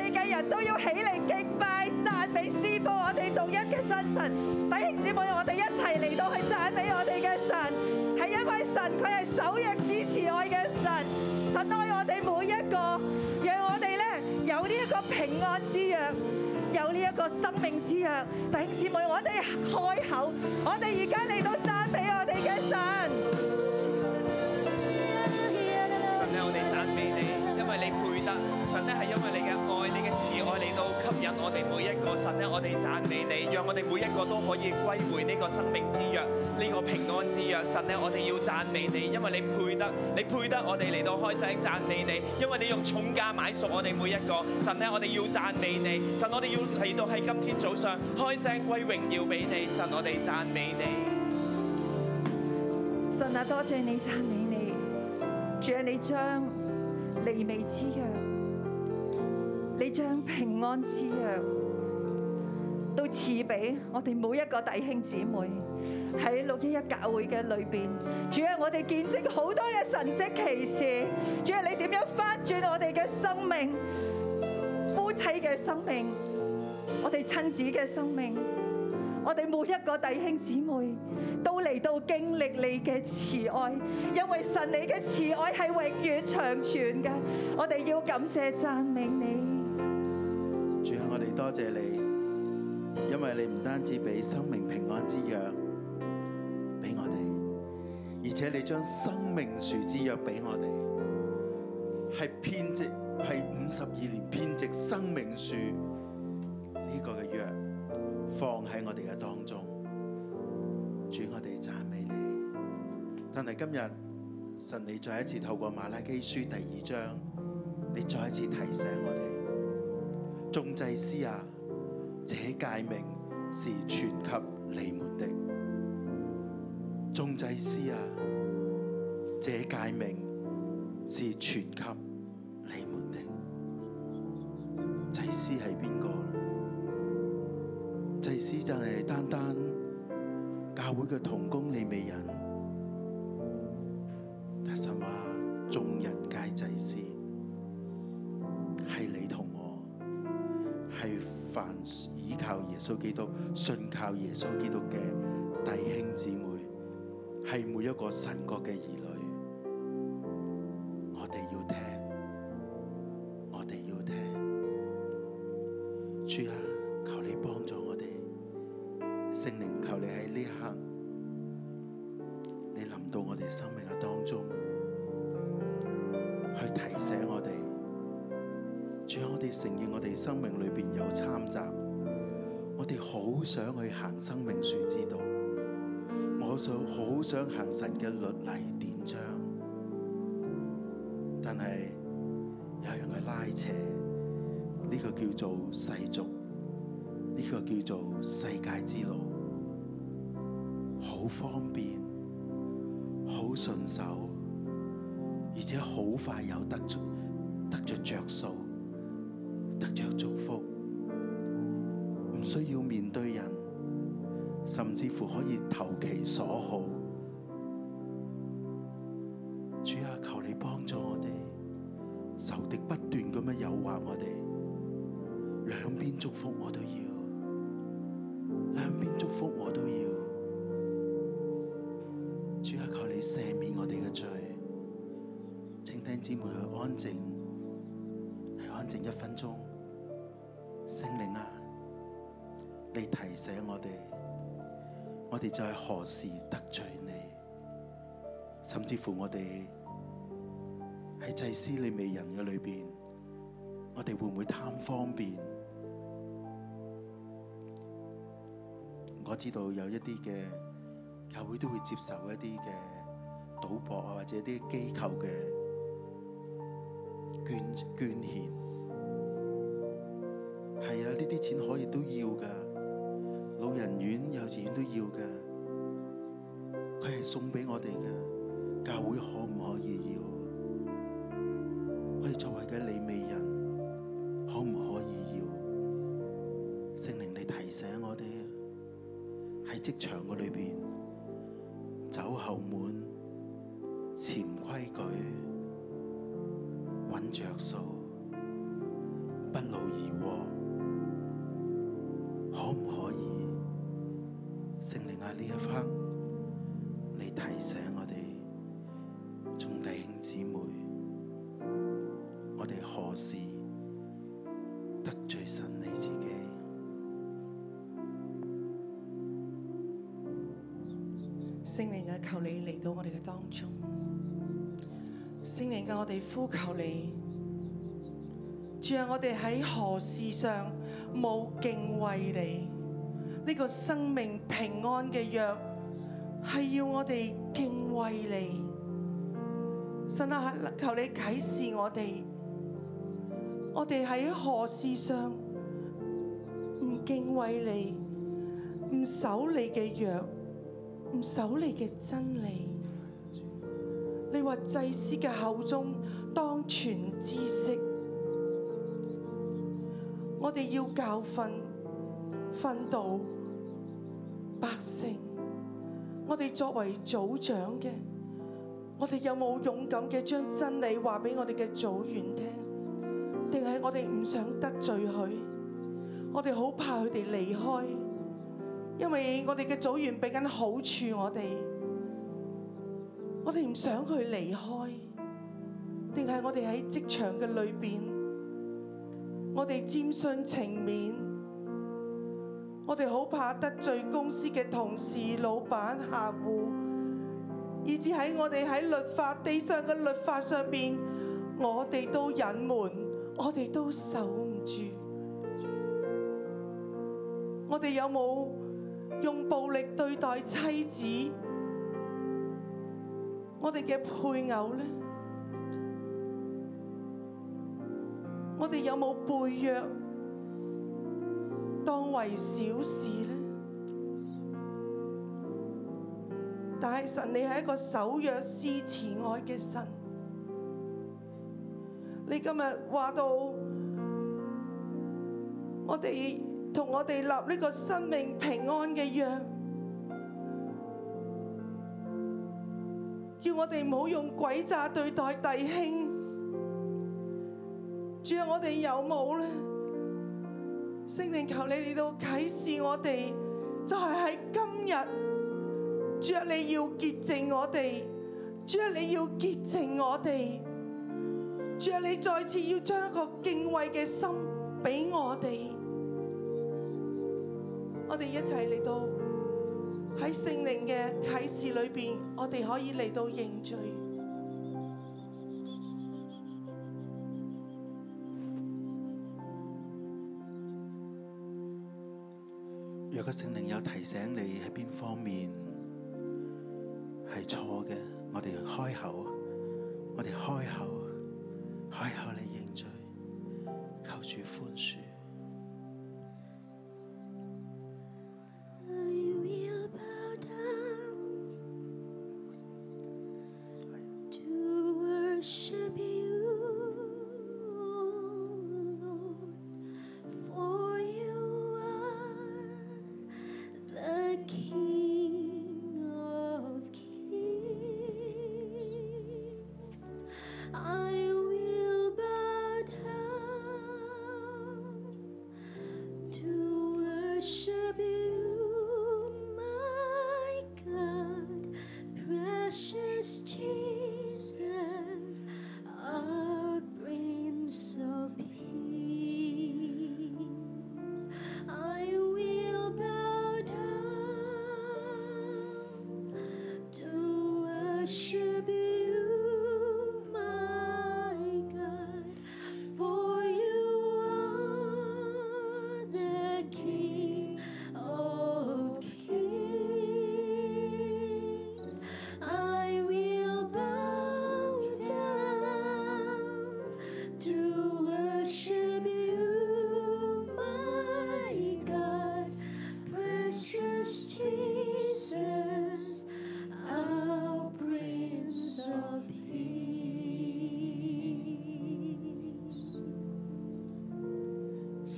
Speaker 3: 你嘅人都要起嚟敬拜、讚美師父，我哋獨一嘅真神。弟兄姊妹，我哋一齊嚟到去讚美我哋嘅神，係因為神，佢係守約施慈愛嘅神，神愛我哋每一個，讓我哋咧有呢一個平安之約，有呢一個生命之約。弟兄姊妹，我哋開口，我哋而家嚟到讚美我哋嘅神。神呢，我哋
Speaker 4: 讚美你，
Speaker 5: 因為你配得。神呢，係因為你嘅。嚟到吸引我哋每一個神咧，我哋讚美你，讓我哋每一個都可以歸回呢個生命之約，呢個平安之約。神咧，我哋要讚美你，因為你配得，你配得我哋嚟到開聲讚美你，因為你用重價買贖我哋每一個。神咧，我哋要讚美你，神我你，神我哋要嚟到喺今天早上開聲歸榮耀俾你。神，我哋讚美你。
Speaker 3: 神啊，多謝你讚美你，主，你將利未之約。你將平安之約都賜俾我哋每一個弟兄姊妹喺六一一教會嘅裏邊，主啊，我哋見證好多嘅神蹟奇事，主啊，你點樣翻轉我哋嘅生命、夫妻嘅生命、我哋親子嘅生命，我哋每一個弟兄姊妹都嚟到經歷你嘅慈愛，因為神你嘅慈愛係永遠長存嘅，我哋要感謝讚美你。
Speaker 6: 主向我哋多謝你，因為你唔單止俾生命平安之約俾我哋，而且你將生命樹之約俾我哋，係編織，係五十二年編織生命樹呢個嘅約放喺我哋嘅當中，主我哋讚美你。但係今日，神你再一次透過馬拉基書第二章，你再一次提醒我哋。眾祭司啊，這誡命是傳給你們的。眾祭司啊，這誡命是傳給你們的。祭司係邊個？祭司就係單單教會嘅同工利未人。耶穌基督信靠耶穌基督嘅弟兄姊妹，係每一個神國嘅兒女。甚至乎可以投其所好。甚至乎我哋喺祭司利未人嘅裏邊，我哋會唔會貪方便？我知道有一啲嘅教會都會接受一啲嘅賭博啊，或者啲機構嘅捐，捐獻。係啊，呢啲錢可以都要噶，老人院、幼稚園都要噶，佢係送俾我哋噶。教會可唔可以要？我哋作為嘅利未人，可唔可以要？聖靈你提醒我哋喺職場嘅裏邊走後門、潛規矩、揾着數？
Speaker 7: 聖靈啊，求你嚟到我哋嘅當中。聖靈啊，我哋呼求你。主啊，我哋喺何事上冇敬畏你？呢個生命平安嘅約係要我哋敬畏你。神啊，求你啟示我哋。我哋喺何事上唔敬畏你？唔守你嘅約。唔守你嘅真理，你話祭司嘅口中當存知識，我哋要教訓訓導百姓，我哋作為組長嘅，我哋有冇勇敢嘅將真理話俾我哋嘅組員聽？定係我哋唔想得罪佢，我哋好怕佢哋離開。因為我哋嘅組員俾緊好處我哋，我哋唔想佢離開，定係我哋喺職場嘅裏邊，我哋瞻徇情面，我哋好怕得罪公司嘅同事、老闆、客戶，以至喺我哋喺律法地上嘅律法上邊，我哋都隱瞞，我哋都守唔住，我哋有冇？用暴力對待妻子，我哋嘅配偶呢？我哋有冇背約當為小事呢？大神，你係一個守約施慈愛嘅神，你今日話到我哋。同我哋立呢個生命平安嘅約，叫我哋唔好用詭詐對待弟兄。主啊，我哋有冇咧？聖靈求你嚟到啟示我哋，就係喺今日。主啊，你要潔淨我哋。主啊，你要潔淨我哋。主啊，你再次要將一個敬畏嘅心俾我哋。我哋一齊嚟到喺聖靈嘅啟示裏邊，我哋可以嚟到認罪。
Speaker 6: 若果聖靈有提醒你喺邊方面係錯嘅，我哋開口，我哋開口，開口嚟認罪，求主寬恕。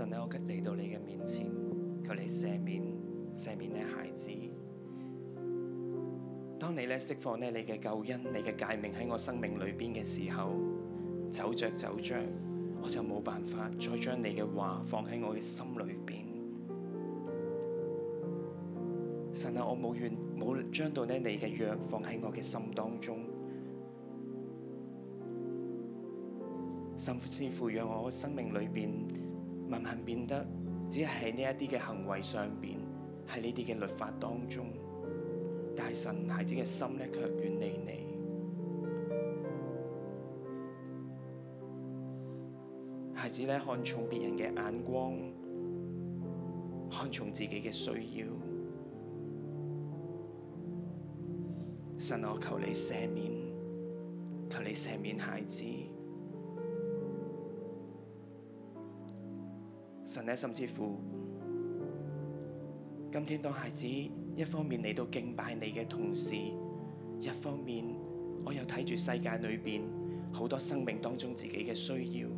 Speaker 5: 神喺我嚟到你嘅面前，求你赦免，赦免呢孩子。當你咧釋放咧你嘅救恩、你嘅誡命喺我生命裏邊嘅時候，走着走着，我就冇辦法再將你嘅話放喺我嘅心裏邊。神啊，我冇願冇將到咧你嘅約放喺我嘅心當中，甚至乎讓我生命裏邊。慢慢變得只係喺呢一啲嘅行為上邊，喺呢啲嘅律法當中，大神孩子嘅心咧卻遠離你。孩子呢，看重別人嘅眼光，看重自己嘅需要。神，我求你赦免，求你赦免孩子。神呢，甚至乎，今天當孩子一方面嚟到敬拜你嘅同時，一方面我又睇住世界裏邊好多生命當中自己嘅需要。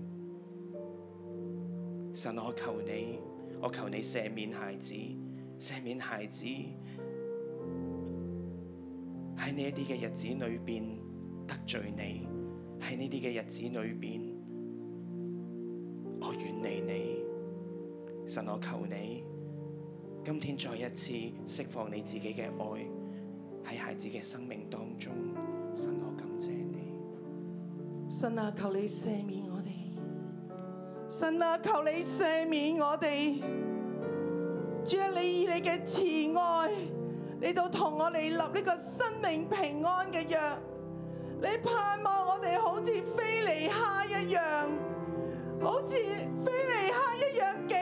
Speaker 5: 神，我求你，我求你赦免孩子，赦免孩子喺呢一啲嘅日子裏邊得罪你，喺呢啲嘅日子裏邊。神，我求你，今天再一次釋放你自己嘅愛喺孩子嘅生命當中。
Speaker 7: 神，我感謝你，神，啊你。神啊，求你赦免我哋。神啊，求你赦免我哋。主啊，你以你嘅慈愛，你都同我哋立呢個生命平安嘅約。
Speaker 8: 你盼望我哋好似非尼哈一樣，好似非尼哈一樣。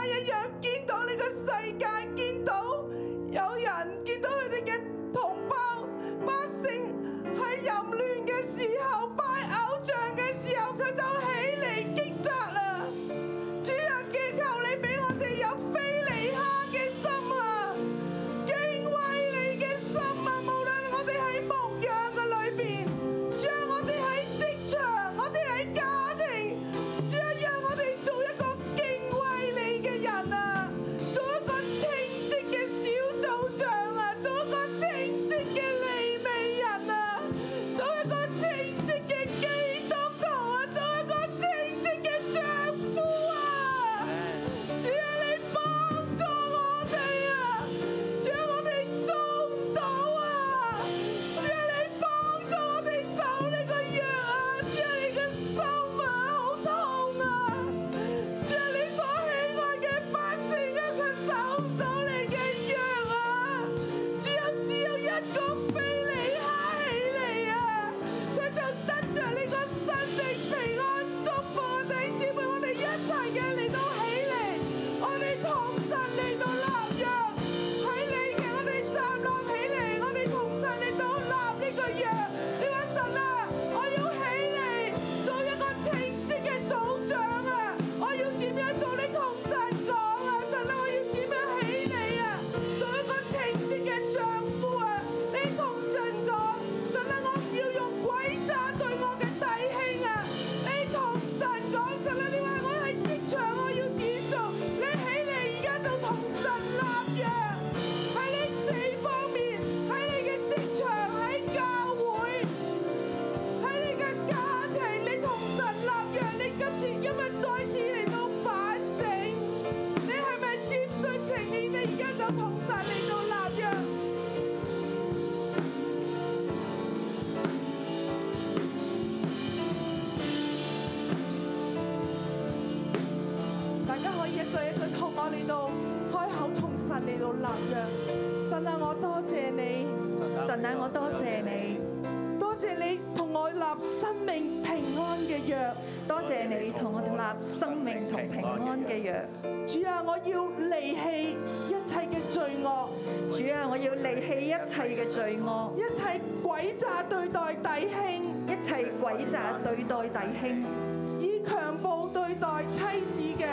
Speaker 3: 我要離棄一切嘅罪惡，主啊！我要離棄一切嘅罪惡，一切詭詐對待弟兄，一切詭詐對待弟兄，以強暴對待妻子嘅，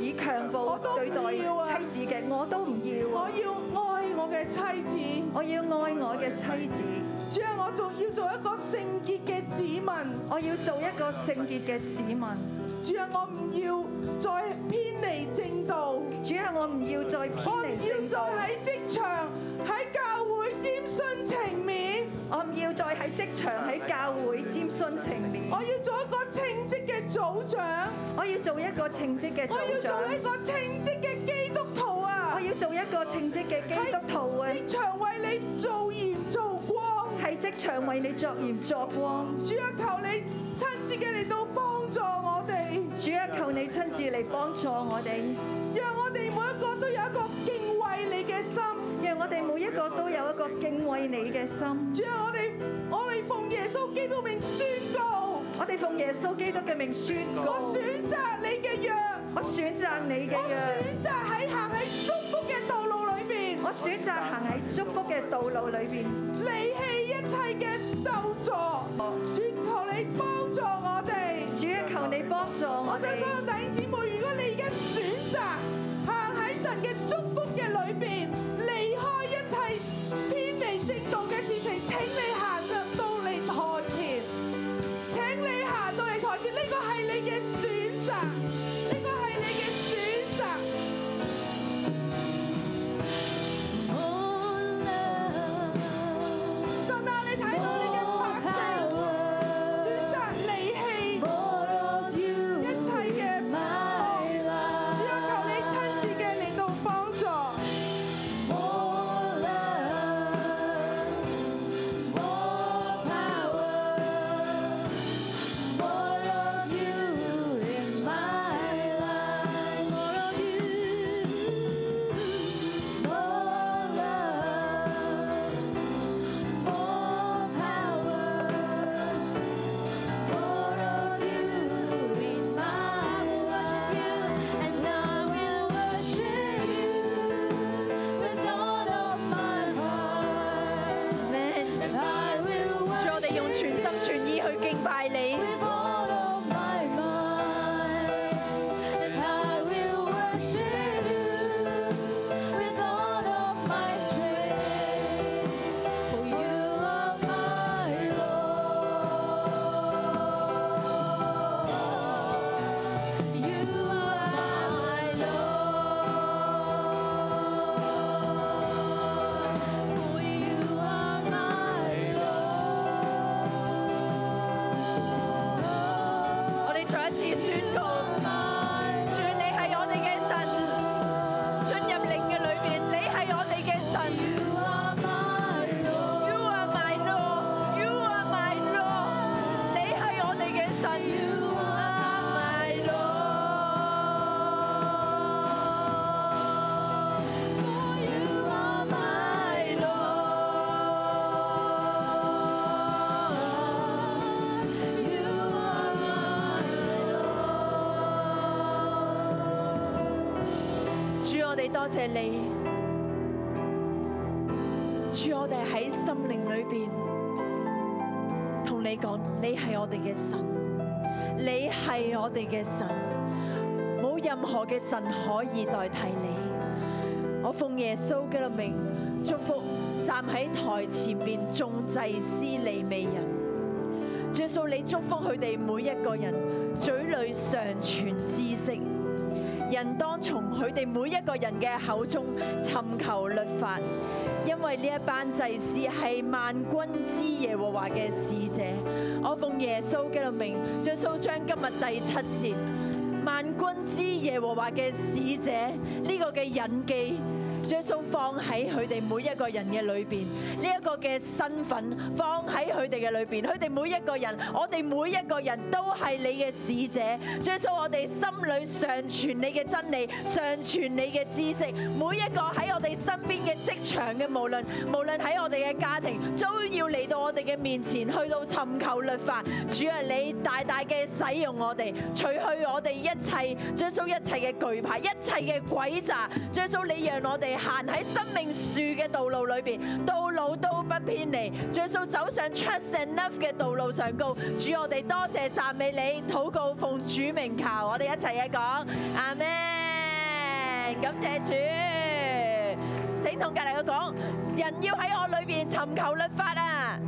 Speaker 3: 以強暴我都、啊、對待妻子嘅，我都唔要、啊、我要愛我嘅妻子，我要愛我嘅妻子，主啊！我仲要做一個聖潔嘅子民，我要做一個聖潔嘅子民。主啊，我唔要再偏離正道。主啊，我唔要再偏離正道。我唔要再喺職場，喺教會沾徇情面。我唔要再喺職場，喺教會沾徇情面。我，我要做一個稱職嘅組長，我要做一個稱職嘅我要做一個稱職嘅基督徒啊！我要做一個稱職嘅基督徒啊！職場為你作鹽作光。係職場為你作鹽作光。主啊，求你親自嘅嚟到幫助我哋。主啊，求你親自嚟幫助我哋，讓我哋每一個都有一個敬畏你嘅心，讓我哋每一個都有一個敬畏你嘅心。主啊，我哋我哋奉耶穌基督名宣告，我哋奉耶穌基督嘅名宣告，我選擇你嘅約，我選擇你嘅約，我選擇喺行喺祝福嘅道路裏邊，我選擇行喺祝福嘅道路
Speaker 8: 裏邊，離棄一切嘅咒詛，主求你幫助我哋。求你幫助我。我想所有弟兄姊妹，如果你而家選擇行喺神嘅祝福嘅裏邊，離開一切偏離正道嘅事情，請你行入到嚟台前。請你行到嚟台前，呢個係你嘅選擇。
Speaker 9: 我哋多謝，謝你，祝我哋喺心靈裏邊，同你講，你係我哋嘅神，你係我哋嘅神，冇任何嘅神可以代替你。我奉耶穌嘅名祝福站喺台前面眾祭司利未人，主耶穌，你祝福佢哋每一個人，嘴裏常存知識。人當從佢哋每一個人嘅口中尋求律法，因為呢一班祭司係萬軍之耶和華嘅使者。我奉耶穌基督名，著數將今日第七節《萬軍之耶和華嘅使者》呢、這個嘅引記。將數放喺佢哋每一個人嘅裏邊，呢一個嘅身份放喺佢哋嘅裏邊，佢哋每一個人，我哋每一個人都係你嘅使者。將數我哋心裏上存你嘅真理，上存你嘅知識。每一個喺我哋身邊嘅職場嘅，無論無論喺我哋嘅家庭，都要嚟到我哋嘅面前，去到尋求律法。主啊，你大大嘅使用我哋，除去我哋一切將數一切嘅懼怕，一切嘅詭詐。將數你讓我哋。行喺生命樹嘅道路裏邊，到老都不偏離，著數走上 trust and love 嘅道路上高，主我哋多謝讚美你，禱告奉主名求，我哋一齊嘢講，阿門，感謝主，請同隔籬嘅講，人要喺我裏邊尋求律法啊。